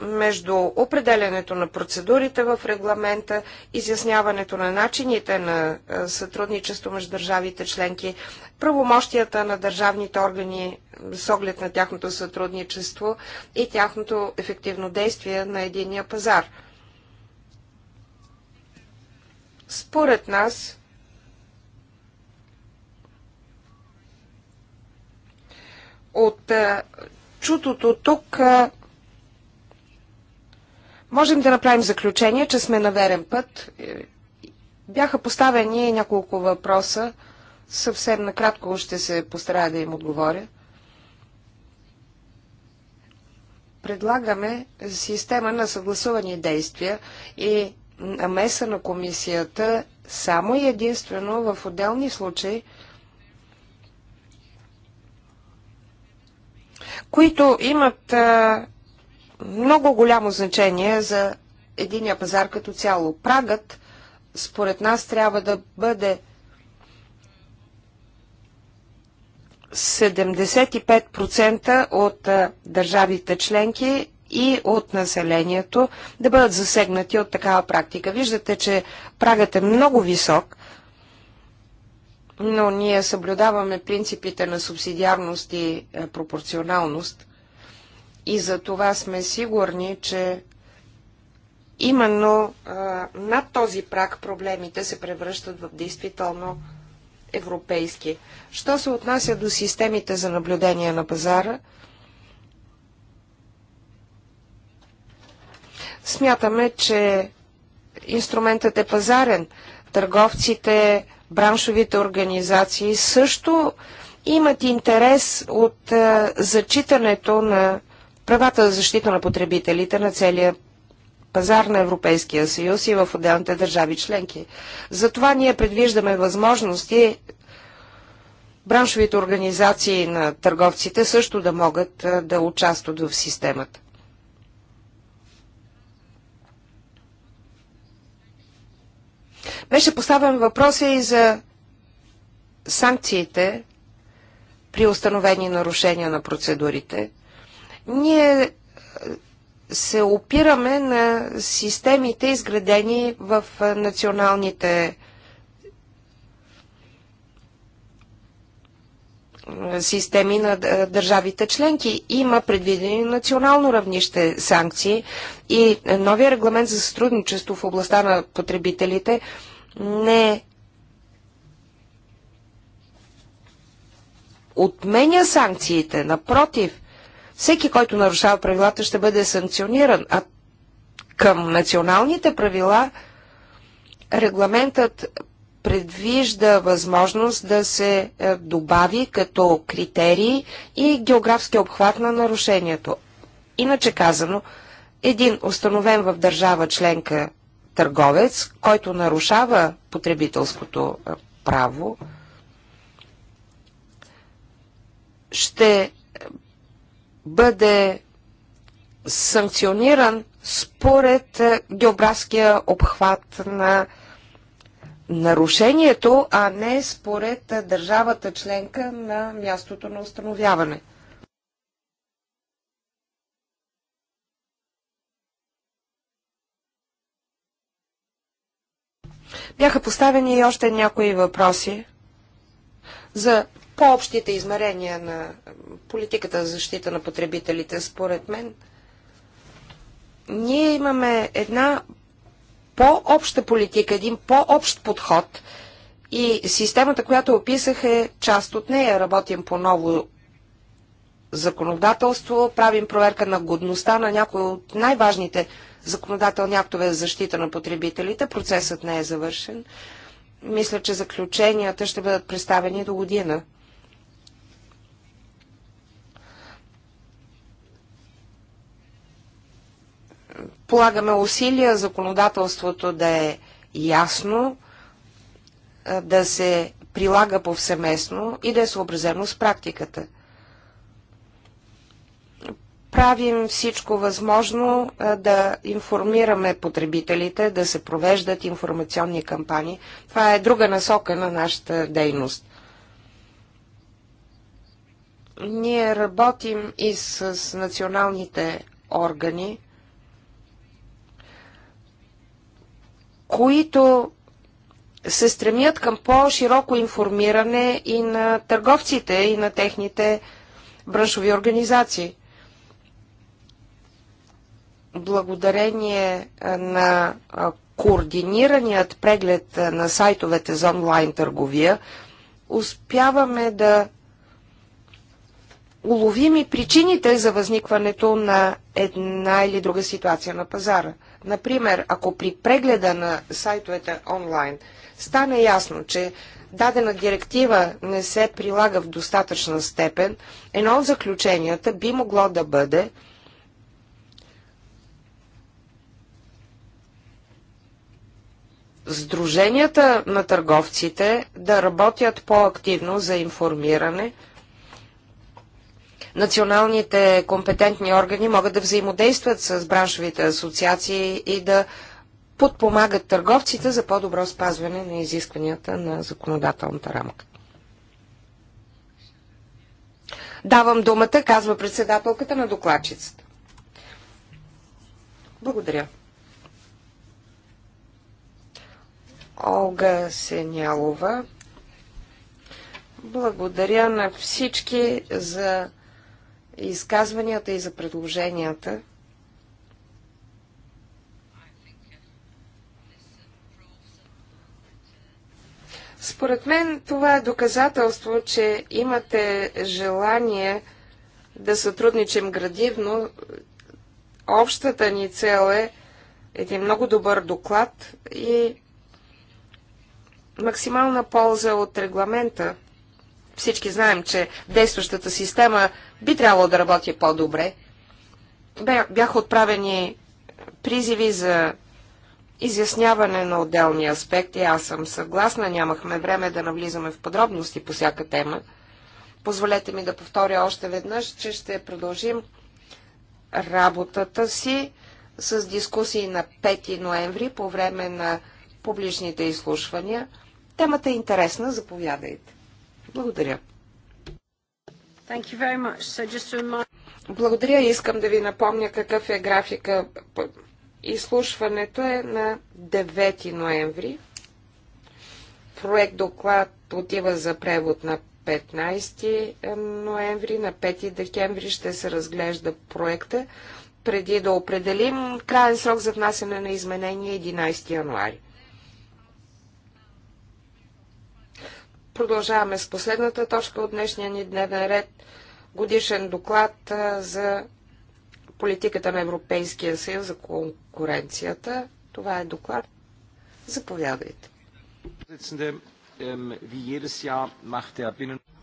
между определенето на процедурите в регламента, изясняването на начините на е, сътрудничество между държавите членки, правомощията на държавните органи с оглед на тяхното сътрудничество и тяхното ефективно действие на единия пазар. Според нас, от е, чутото тук е, можем да направим заключение, че сме на верен път. Е, бяха поставени няколко въпроса. Съвсем накратко ще се постарая да им отговоря. Предлагаме система на съгласувани действия и намеса на комисията само и единствено в отделни случаи – които имат много голямо значение за единия пазар като цяло. Прагът, според нас, трябва да бъде 75% от а, държавите членки и от населението да бъдат засегнати от такава практика. Виждате, че прагът е много висок но ние съблюдаваме принципите на субсидиарност и е, пропорционалност и за това сме сигурни, че именно а, е, над този прак проблемите се превръщат в действително европейски. Що се отнася до системите за наблюдение на пазара, смятаме, че инструментът е пазарен. Търговците, браншовите организации също имат интерес от а, зачитането на правата за защита на потребителите на целия пазар на Европейския съюз и в отделните държави членки. Затова ние предвиждаме възможности браншовите организации на търговците също да могат а, да участват в системата. Беше поставен въпроса и за санкциите при установени нарушения на процедурите. Ние е, се опираме на системите, изградени в е, националните е, системи на държавите членки. Има предвидени национално равнище санкции и новия регламент за сътрудничество в областта на потребителите не отменя санкциите, напротив, всеки, който нарушава правилата, ще бъде санкциониран, а към националните правила регламентът предвижда възможност да се е, добави като критерии и географски обхват на нарушението. Иначе казано, един установен в държава членка търговец, който нарушава потребителското е, право, ще е, бъде санкциониран според е, географския обхват на нарушението, а не според държавата членка на мястото на установяване. Бяха поставени и още някои въпроси за по-общите измерения на политиката за защита на потребителите. Според мен, ние имаме една по-обща политика, един по-общ подход и системата, която описах е част от нея. Работим по ново законодателство, правим проверка на годността на някои от най-важните законодателни актове за защита на потребителите. Процесът не е завършен. Мисля, че заключенията ще бъдат представени до година. Полагаме усилия законодателството да е ясно, да се прилага повсеместно и да е съобразено с практиката – правим всичко възможно да информираме потребителите, да се провеждат информационни кампании. Това е друга насока на нашата дейност. Ние работим и с националните органи, които се стремят към по-широко информиране и на търговците, и на техните браншови организации благодарение на координираният преглед на сайтовете за онлайн търговия, успяваме да уловим и причините за възникването на една или друга ситуация на пазара. Например, ако при прегледа на сайтовете онлайн стане ясно, че дадена директива не се прилага в достатъчна степен, едно от заключенията би могло да бъде – Сдруженията на търговците да работят по-активно за информиране. Националните компетентни органи могат да взаимодействат с браншовите асоциации и да подпомагат търговците за по-добро спазване на изискванията на законодателната рамка. Давам думата, казва председателката на докладчицата. Благодаря. Олга Сенялова. Благодаря на всички за изказванията и за предложенията. Според мен това е доказателство, че имате желание да сътрудничим градивно. Общата ни цел е един много добър доклад и максимална полза от регламента. Всички знаем, че действащата система би трябвало да работи по-добре. Бяха отправени призиви за изясняване на отделни аспекти. Аз съм съгласна, нямахме време да навлизаме в подробности по всяка тема. Позволете ми да повторя още веднъж, че ще продължим работата си с дискусии на 5 ноември по време на публичните изслушвания. Темата е интересна, заповядайте. Благодаря. So Благодаря. Искам да ви напомня какъв е графика. Изслушването е на 9 ноември. Проект доклад отива за превод на 15 е, ноември. На 5 декември ще се разглежда проекта преди да определим крайен срок за внасяне на изменения 11 януари. Продължаваме с последната точка от днешния ни дневен ред. Годишен доклад за политиката на Европейския съюз за конкуренцията. Това е доклад. Заповядайте.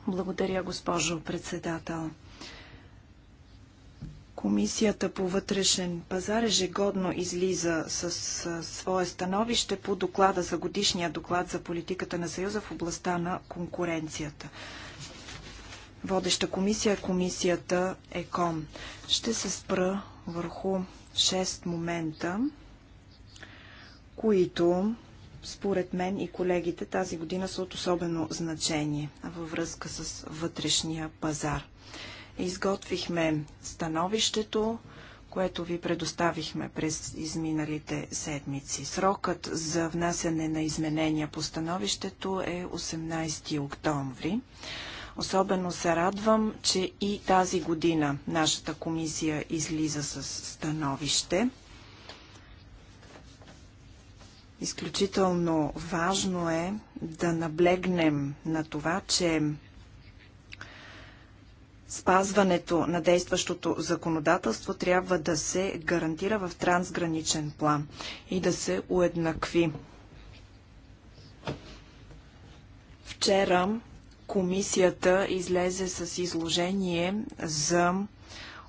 Благодаря, госпожо председател. Комисията по вътрешен пазар ежегодно излиза с, с свое становище по доклада за годишния доклад за политиката на Съюза в областта на конкуренцията. Водеща комисия е комисията ЕКОМ. Ще се спра върху 6 момента, които според мен и колегите тази година са от особено значение във връзка с вътрешния пазар. Изготвихме становището, което ви предоставихме през изминалите седмици. Срокът за внасяне на изменения по становището е 18 октомври. Особено се радвам, че и тази година нашата комисия излиза с становище. Изключително важно е да наблегнем на това, че Спазването на действащото законодателство трябва да се гарантира в трансграничен план и да се уеднакви. Вчера комисията излезе с изложение за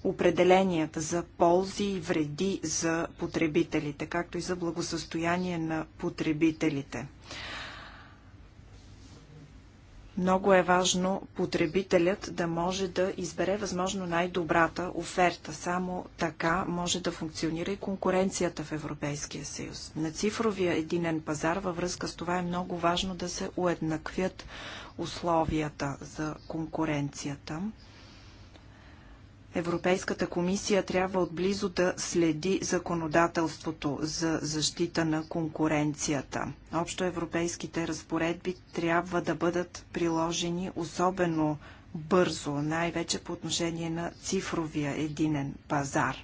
определенията за ползи и вреди за потребителите, както и за благосъстояние на потребителите. Много е важно потребителят да може да избере възможно най-добрата оферта. Само така може да функционира и конкуренцията в Европейския съюз. На цифровия единен пазар във връзка с това е много важно да се уеднаквят условията за конкуренцията. Европейската комисия трябва отблизо да следи законодателството за защита на конкуренцията. Общо европейските разпоредби трябва да бъдат приложени особено бързо, най-вече по отношение на цифровия единен пазар.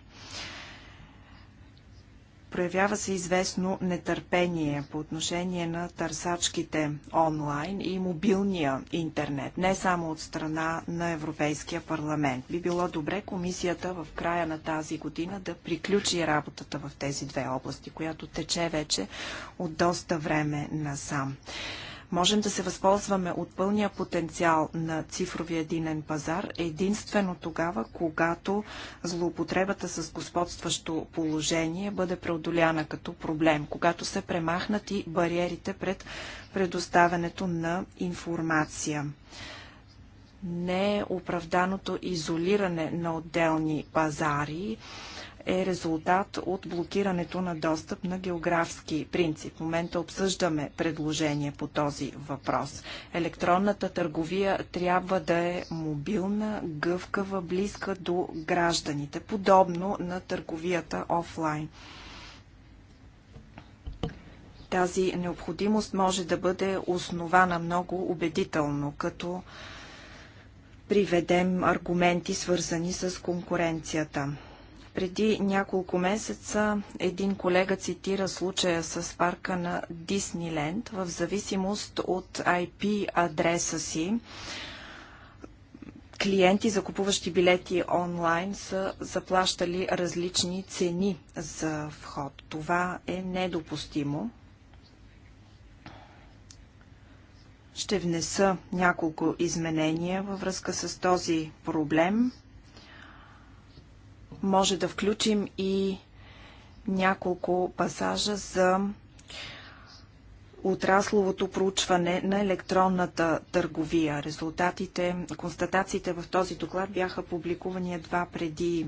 Проявява се известно нетърпение по отношение на търсачките онлайн и мобилния интернет, не само от страна на Европейския парламент. Би било добре комисията в края на тази година да приключи работата в тези две области, която тече вече от доста време насам можем да се възползваме от пълния потенциал на цифровия единен пазар единствено тогава, когато злоупотребата с господстващо положение бъде преодоляна като проблем, когато се премахнат и бариерите пред предоставянето на информация не е оправданото изолиране на отделни пазари е резултат от блокирането на достъп на географски принцип. В момента обсъждаме предложение по този въпрос. Електронната търговия трябва да е мобилна, гъвкава, близка до гражданите, подобно на търговията офлайн. Тази необходимост може да бъде основана много убедително, като приведем аргументи, свързани с конкуренцията. Преди няколко месеца един колега цитира случая с парка на Дисниленд. В зависимост от IP адреса си, клиенти, закупуващи билети онлайн, са заплащали различни цени за вход. Това е недопустимо. Ще внеса няколко изменения във връзка с този проблем може да включим и няколко пасажа за отрасловото проучване на електронната търговия. Резултатите, констатациите в този доклад бяха публикувани едва преди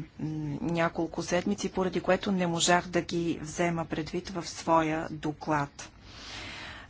няколко седмици, поради което не можах да ги взема предвид в своя доклад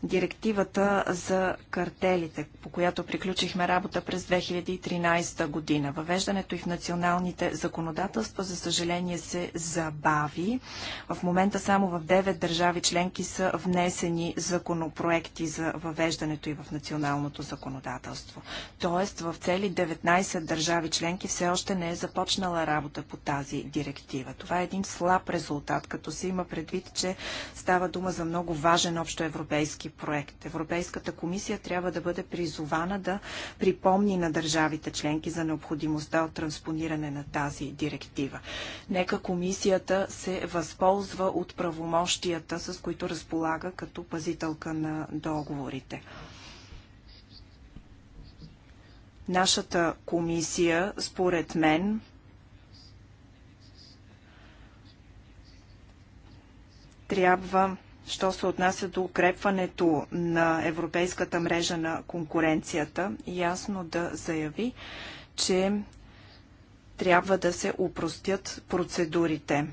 директивата за картелите, по която приключихме работа през 2013 година. Въвеждането и в националните законодателства, за съжаление, се забави. В момента само в 9 държави членки са внесени законопроекти за въвеждането и в националното законодателство. Тоест в цели 19 държави членки все още не е започнала работа по тази директива. Това е един слаб резултат, като се има предвид, че става дума за много важен общоевропейски проект. Европейската комисия трябва да бъде призована да припомни на държавите членки за необходимостта от транспониране на тази директива. Нека комисията се възползва от правомощията, с които разполага като пазителка на договорите. Нашата комисия, според мен, трябва що се отнася до укрепването на Европейската мрежа на конкуренцията, ясно да заяви, че трябва да се упростят процедурите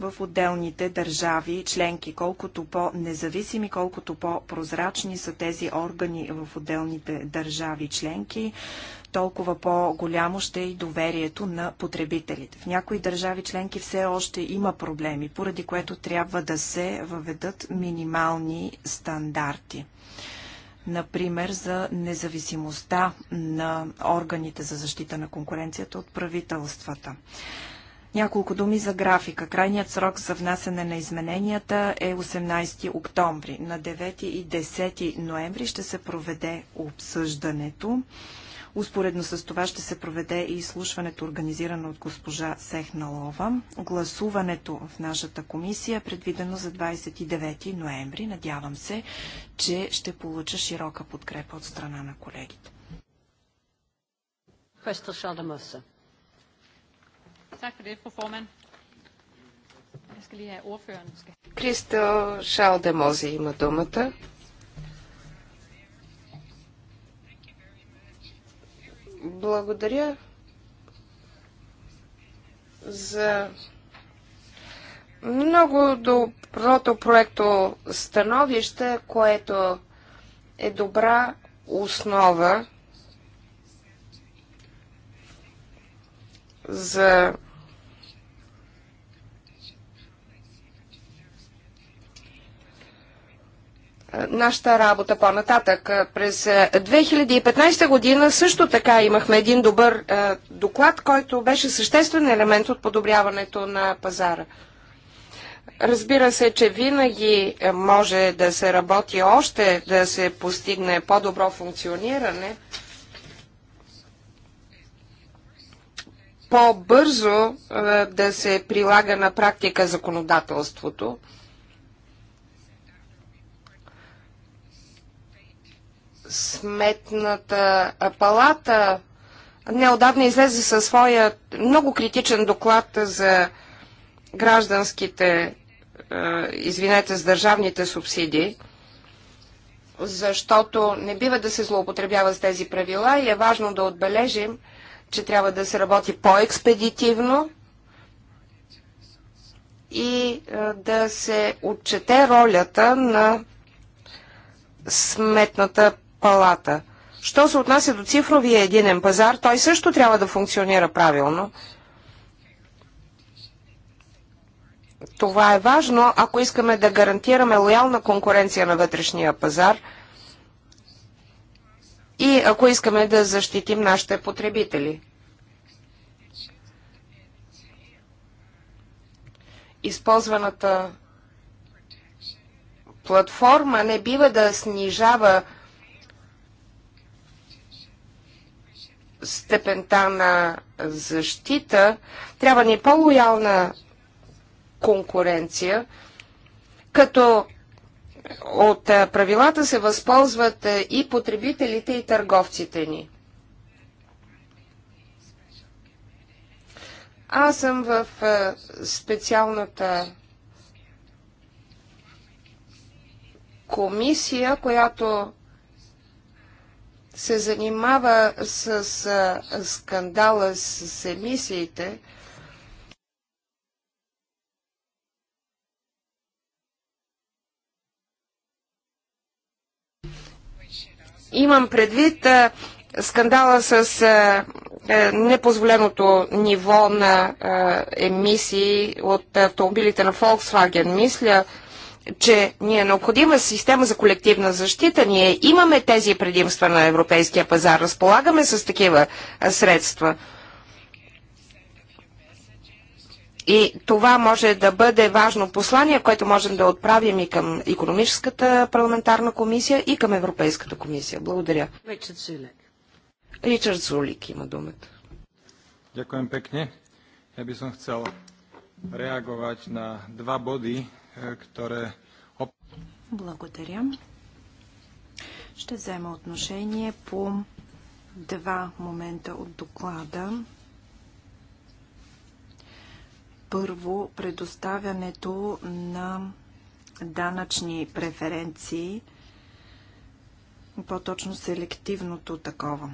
в отделните държави членки. Колкото по-независими, колкото по-прозрачни са тези органи в отделните държави членки, толкова по-голямо ще е и доверието на потребителите. В някои държави членки все още има проблеми, поради което трябва да се въведат минимални стандарти например, за независимостта на органите за защита на конкуренцията от правителствата. Няколко думи за графика. Крайният срок за внасяне на измененията е 18 октомври. На 9 и 10 ноември ще се проведе обсъждането. Успоредно с това ще се проведе и изслушването, организирано от госпожа Сехналова. Гласуването в нашата комисия е предвидено за 29 ноември. Надявам се, че ще получа широка подкрепа от страна на колегите. Tak for det, fru formand. Jeg skal lige have ordføreren. Кристал Шалдемози има думата. Благодаря за много доброто проекто становище, което е добра основа за Е, нашата работа по-нататък. Е, през 2015 е, година също така имахме един добър доклад, който беше съществен елемент от подобряването на пазара. Разбира се, че винаги може да се работи още, да се постигне по-добро функциониране, по-бързо да се прилага на практика законодателството. Сметната палата неодавна излезе със своя много критичен доклад за гражданските, е, извинете, с държавните субсидии, защото не бива да се злоупотребява с тези правила и е важно да отбележим, че трябва да се работи по-експедитивно и е, да се отчете ролята на Сметната палата. Що се отнася до цифровия единен пазар, той също трябва да функционира правилно. Това е важно, ако искаме да гарантираме лоялна конкуренция на вътрешния пазар и ако искаме да защитим нашите потребители. Използваната платформа не бива да снижава степента на защита, трябва ни по-лоялна конкуренция, като от правилата се възползват и потребителите, и търговците ни. Аз съм в специалната комисия, която се занимава с скандала с емисиите, Имам предвид а, скандала с а, а, е, непозволеното ниво на а, емисии от автомобилите на Volkswagen. Мисля, а, че ни е необходима система за колективна защита. Ние имаме тези предимства на европейския пазар, разполагаме с такива средства. И това може да бъде важно послание, което можем да отправим и към економическата парламентарна комисия и към Европейската комисия. Благодаря. Ричард Зулик. Ричард Зулик има думата. Дякуем пекне. Я би съм хотел реагировать на два боди, które... Е, Благодаря. Ще взема отношение по два момента от доклада. Първо, предоставянето на данъчни преференции, по-точно селективното такова.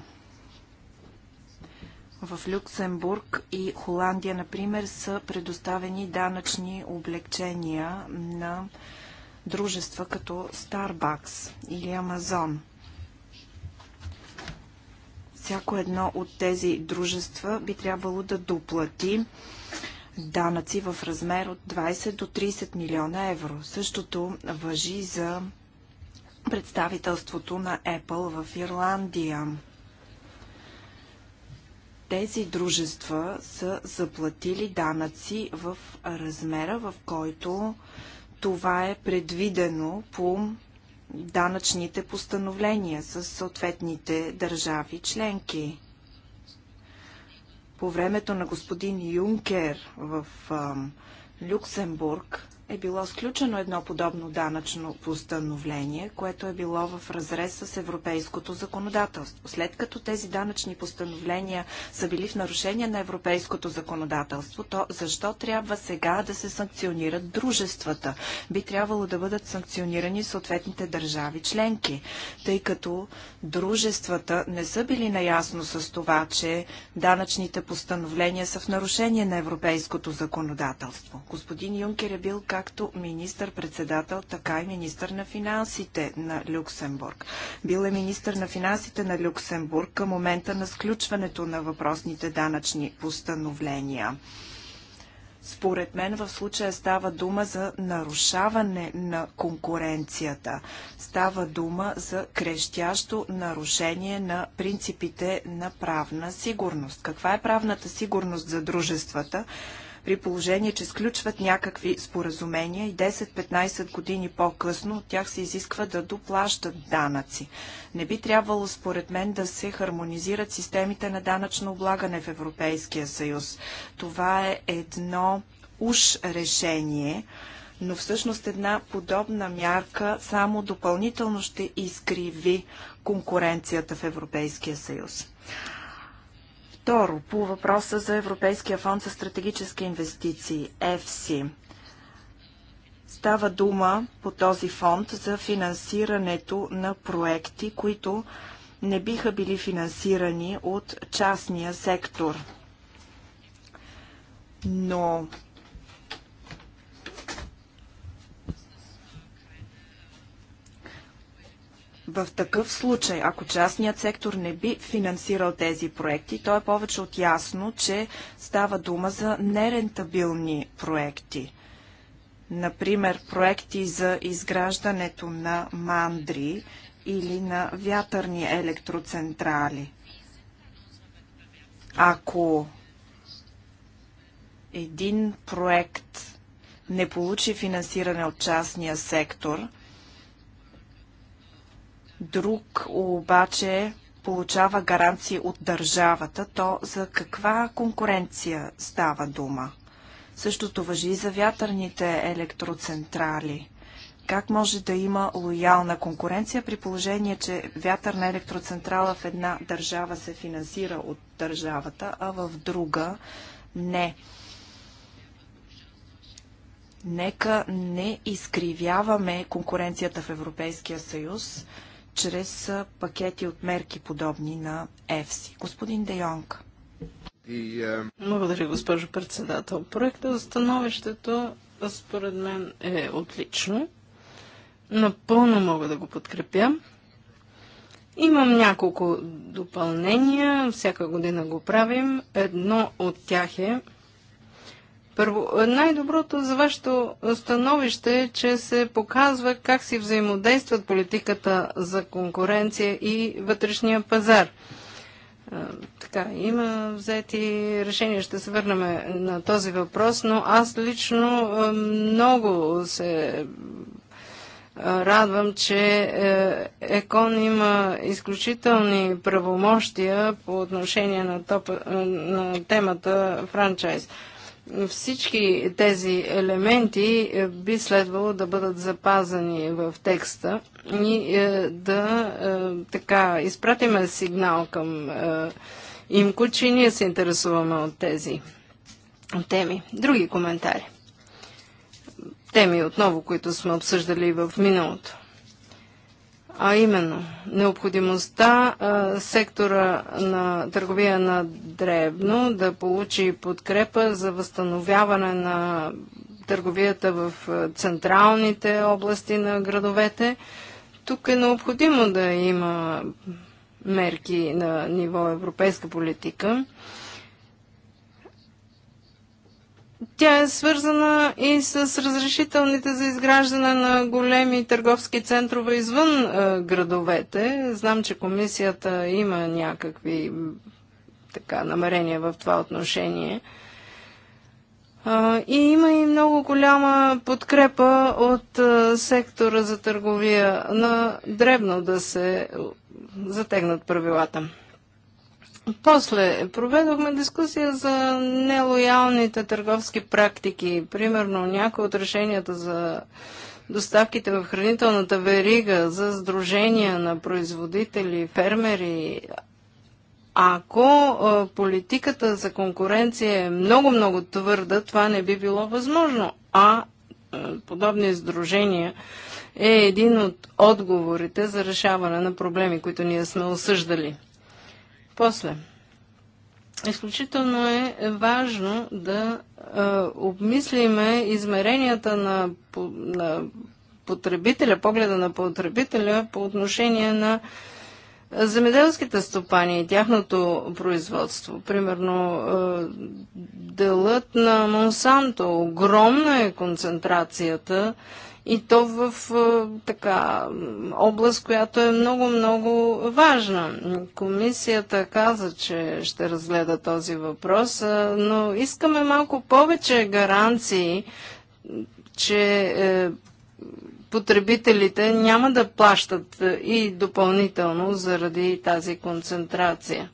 В Люксембург и Холандия, например, са предоставени данъчни облегчения на дружества като Starbucks или Amazon. Всяко едно от тези дружества би трябвало да доплати данъци в размер от 20 до 30 милиона евро. Същото въжи за представителството на Apple в Ирландия тези дружества са заплатили данъци в размера, в който това е предвидено по данъчните постановления с съответните държави членки. По времето на господин Юнкер в Люксембург е било сключено едно подобно данъчно постановление, което е било в разрез с европейското законодателство. След като тези данъчни постановления са били в нарушение на европейското законодателство, то защо трябва сега да се санкционират дружествата? Би трябвало да бъдат санкционирани съответните държави членки, тъй като дружествата не са били наясно с това, че данъчните постановления са в нарушение на европейското законодателство. Господин Юнкер е бил както министър-председател, така и министър на финансите на Люксембург. Бил е министър на финансите на Люксембург към момента на сключването на въпросните данъчни постановления. Според мен в случая става дума за нарушаване на конкуренцията. Става дума за крещящо нарушение на принципите на правна сигурност. Каква е правната сигурност за дружествата, при положение, че сключват някакви споразумения и 10-15 години по-късно от тях се изисква да доплащат данъци. Не би трябвало, според мен, да се хармонизират системите на данъчно облагане в Европейския съюз. Това е едно уж решение, но всъщност една подобна мярка само допълнително ще изкриви конкуренцията в Европейския съюз. Второ, по въпроса за Европейския фонд за стратегически инвестиции, ЕФСИ. Става дума по този фонд за финансирането на проекти, които не биха били финансирани от частния сектор. Но В такъв случай, ако частният сектор не би финансирал тези проекти, то е повече от ясно, че става дума за нерентабилни проекти. Например, проекти за изграждането на мандри или на вятърни електроцентрали. Ако един проект не получи финансиране от частния сектор – друг обаче получава гаранции от държавата, то за каква конкуренция става дума? Същото въжи и за вятърните електроцентрали. Как може да има лоялна конкуренция при положение, че вятърна електроцентрала в една държава се финансира от държавата, а в друга не? Нека не изкривяваме конкуренцията в Европейския съюз, чрез пакети от мерки подобни на ЕФСИ. Господин Де Йонг. Е, Благодаря, госпожо председател. Проекта за становището според мен е отлично. Напълно мога да го подкрепя. Имам няколко допълнения. Всяка година го правим. Едно от тях е първо, най-доброто за вашето становище е, че се показва как си взаимодействат политиката за конкуренция и вътрешния пазар. Така, има взети решения, ще се върнем на този въпрос, но аз лично много се радвам, че е, ЕКОН има изключителни правомощия по отношение на, топ, на темата франчайз. Всички тези елементи е, би следвало да бъдат запазени в текста и е, да е, така изпратиме сигнал към имко, че ние се интересуваме от тези теми. Други коментари. Теми отново, които сме обсъждали в миналото. А именно, необходимостта а, сектора на търговия на дребно да получи подкрепа за възстановяване на търговията в централните области на градовете. Тук е необходимо да има мерки на ниво европейска политика. Тя е свързана и с разрешителните за изграждане на големи търговски центрове извън е, градовете. Знам, че комисията има някакви така, намерения в това отношение. Е, и има и много голяма подкрепа от е, сектора за търговия на дребно да се затегнат правилата. После проведохме дискусия за нелоялните търговски практики. Примерно някои от решенията за доставките в хранителната верига, за сдружения на производители, фермери. Ако политиката за конкуренция е много-много твърда, това не би било възможно. А подобни сдружения е един от отговорите за решаване на проблеми, които ние сме осъждали. После. Изключително е важно да обмислиме измеренията на, на потребителя, погледа на потребителя по отношение на земеделските стопани и тяхното производство. Примерно делът на Монсанто. Огромна е концентрацията и то в така област, която е много-много важна. Комисията каза, че ще разгледа този въпрос, но искаме малко повече гаранции, че е, потребителите няма да плащат е, и допълнително заради тази концентрация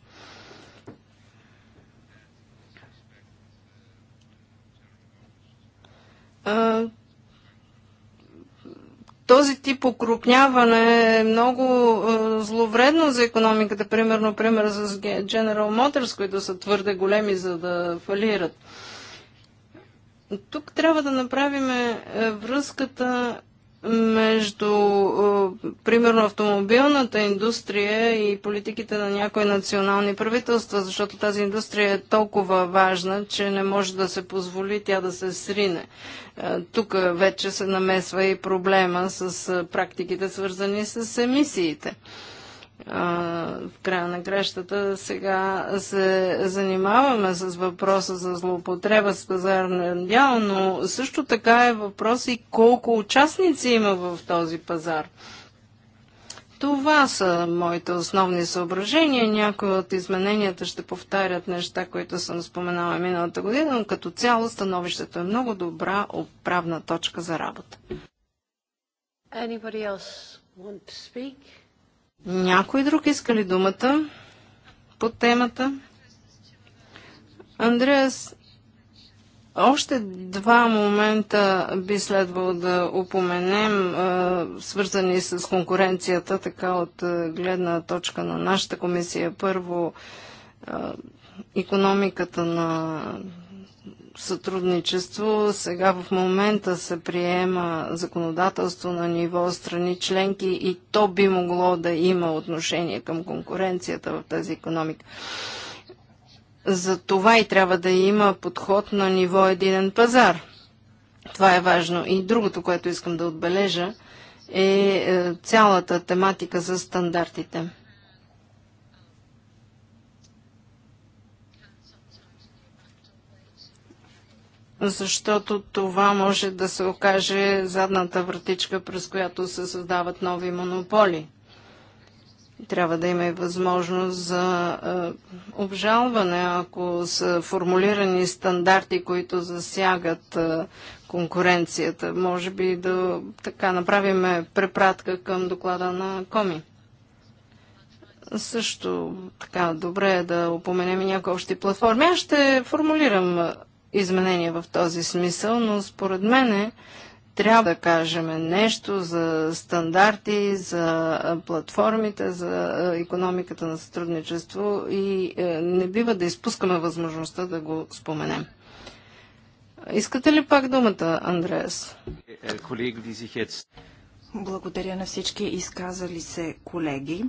този тип окрупняване е много е, зловредно за економиката. Примерно, пример за General Motors, които са твърде големи, за да фалират. Тук трябва да направим е, връзката между, е, примерно, автомобилната индустрия и политиките на някои национални правителства, защото тази индустрия е толкова важна, че не може да се позволи тя да се срине. Е, тук вече се намесва и проблема с е, практиките, свързани с емисиите в края на кращата сега се занимаваме с въпроса за злоупотреба с пазарния дял, но също така е въпрос и колко участници има в този пазар. Това са моите основни съображения. Някои от измененията ще повтарят неща, които съм споменала миналата година, но като цяло становището е много добра отправна точка за работа. Anybody else want to speak? Някой друг иска ли думата по темата? Андреас, още два момента би следвало да упоменем, свързани с конкуренцията, така от гледна точка на нашата комисия. Първо, економиката на сътрудничество. Сега в момента се приема законодателство на ниво страни членки и то би могло да има отношение към конкуренцията в тази економика. За това и трябва да има подход на ниво единен пазар. Това е важно. И другото, което искам да отбележа, е, е цялата тематика за стандартите. защото това може да се окаже задната вратичка, през която се създават нови монополи. Трябва да има и възможност за е, обжалване, ако са формулирани стандарти, които засягат е, конкуренцията. Може би да така направим препратка към доклада на Коми. Също така добре е да упоменем и някои общи платформи. Аз ще формулирам е, изменения в този смисъл, но според мен трябва да кажем нещо за стандарти, за платформите, за економиката на сътрудничество и е, не бива да изпускаме възможността да го споменем. Искате ли пак думата, Андреас? Е, е, Благодаря на всички изказали се колеги.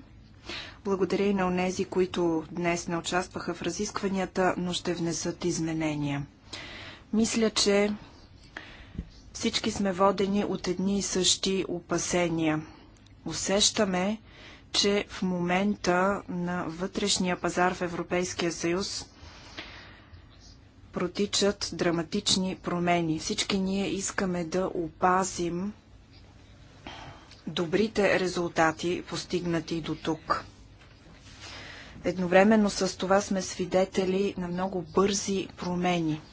Благодаря и на онези, които днес не участваха в разискванията, но ще внесат изменения. Мисля, че всички сме водени от едни и същи опасения. Усещаме, че в момента на вътрешния пазар в Европейския съюз протичат драматични промени. Всички ние искаме да опазим добрите резултати, постигнати до тук. Едновременно с това сме свидетели на много бързи промени –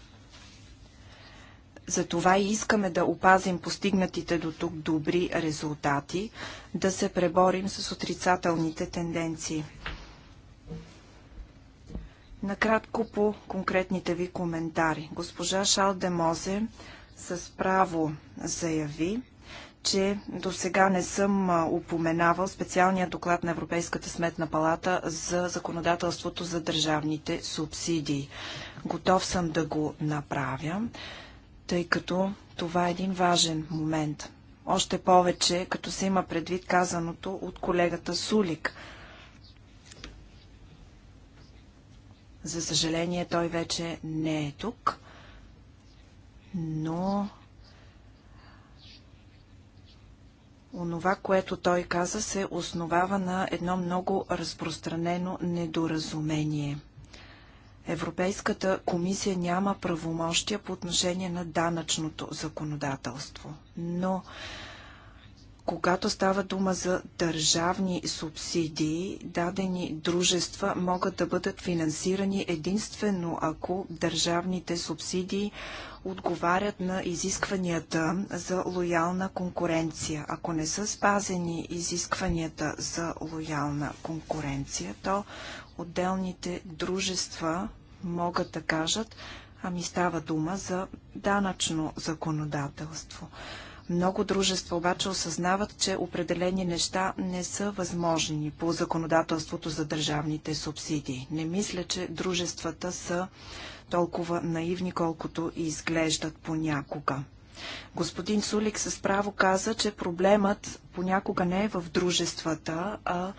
затова и искаме да опазим постигнатите до тук добри резултати, да се преборим с отрицателните тенденции. Накратко по конкретните ви коментари. Госпожа Шал с право заяви, че до сега не съм упоменавал специалния доклад на Европейската сметна палата за законодателството за държавните субсидии. Готов съм да го направя тъй като това е един важен момент. Още повече, като се има предвид казаното от колегата Сулик. За съжаление, той вече не е тук, но онова, което той каза, се основава на едно много разпространено недоразумение – Европейската комисия няма правомощия по отношение на данъчното законодателство, но когато става дума за държавни субсидии, дадени дружества могат да бъдат финансирани единствено ако държавните субсидии отговарят на изискванията за лоялна конкуренция. Ако не са спазени изискванията за лоялна конкуренция, то отделните дружества могат да кажат, ами става дума за данъчно законодателство. Много дружества обаче осъзнават, че определени неща не са възможни по законодателството за държавните субсидии. Не мисля, че дружествата са толкова наивни, колкото и изглеждат понякога. Господин Сулик с право каза, че проблемът понякога не е в дружествата, а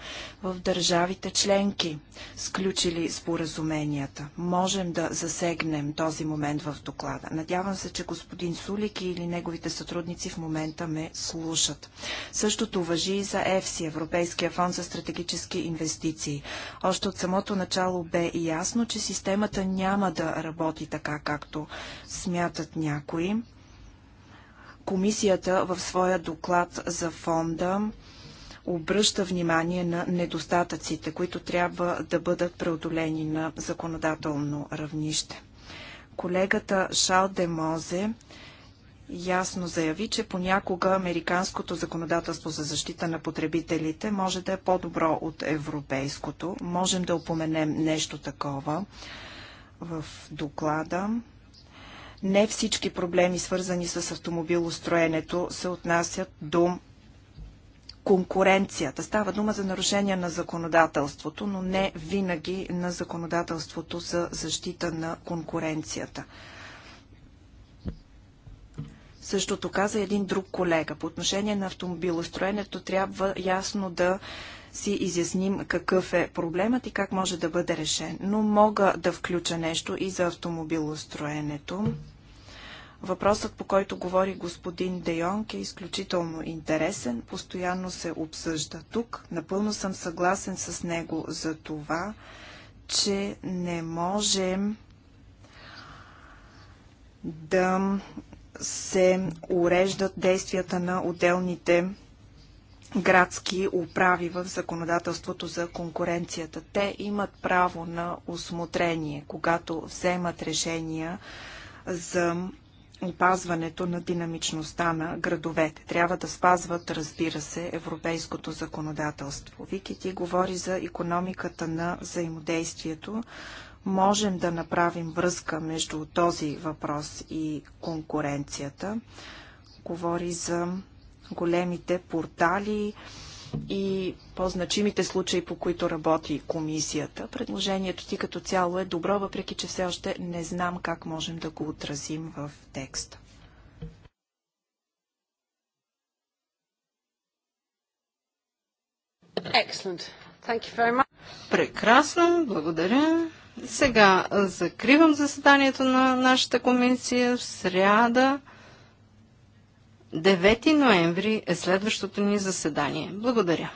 в държавите членки, сключили споразуменията. Можем да засегнем този момент в доклада. Надявам се, че господин Сулик или неговите сътрудници в момента ме слушат. Същото въжи и за ЕФСИ, Европейския фонд за стратегически инвестиции. Още от самото начало бе и ясно, че системата няма да работи така, както смятат някои. Комисията в своя доклад за фонда обръща внимание на недостатъците, които трябва да бъдат преодолени на законодателно равнище. Колегата Шал Мозе ясно заяви, че понякога американското законодателство за защита на потребителите може да е по-добро от европейското. Можем да упоменем нещо такова в доклада. Не всички проблеми, свързани с автомобилостроенето, се отнасят до конкуренцията. Става дума за нарушения на законодателството, но не винаги на законодателството за защита на конкуренцията. Същото каза един друг колега. По отношение на автомобилостроенето трябва ясно да си изясним какъв е проблемът и как може да бъде решен. Но мога да включа нещо и за автомобилостроенето. Въпросът, по който говори господин Дейонг, е изключително интересен, постоянно се обсъжда тук. Напълно съм съгласен с него за това, че не можем да се уреждат действията на отделните градски управи в законодателството за конкуренцията. Те имат право на осмотрение, когато вземат решения за опазването на динамичността на градовете. Трябва да спазват, разбира се, европейското законодателство. Вики ти говори за економиката на взаимодействието. Можем да направим връзка между този въпрос и конкуренцията. Говори за големите портали и по-значимите случаи, по които работи комисията. Предложението ти като цяло е добро, въпреки че все още не знам как можем да го отразим в текста. Excellent. Thank you very much. Прекрасно, благодаря. Сега закривам заседанието на нашата комисия в сряда. 9 ноември е следващото ни заседание. Благодаря.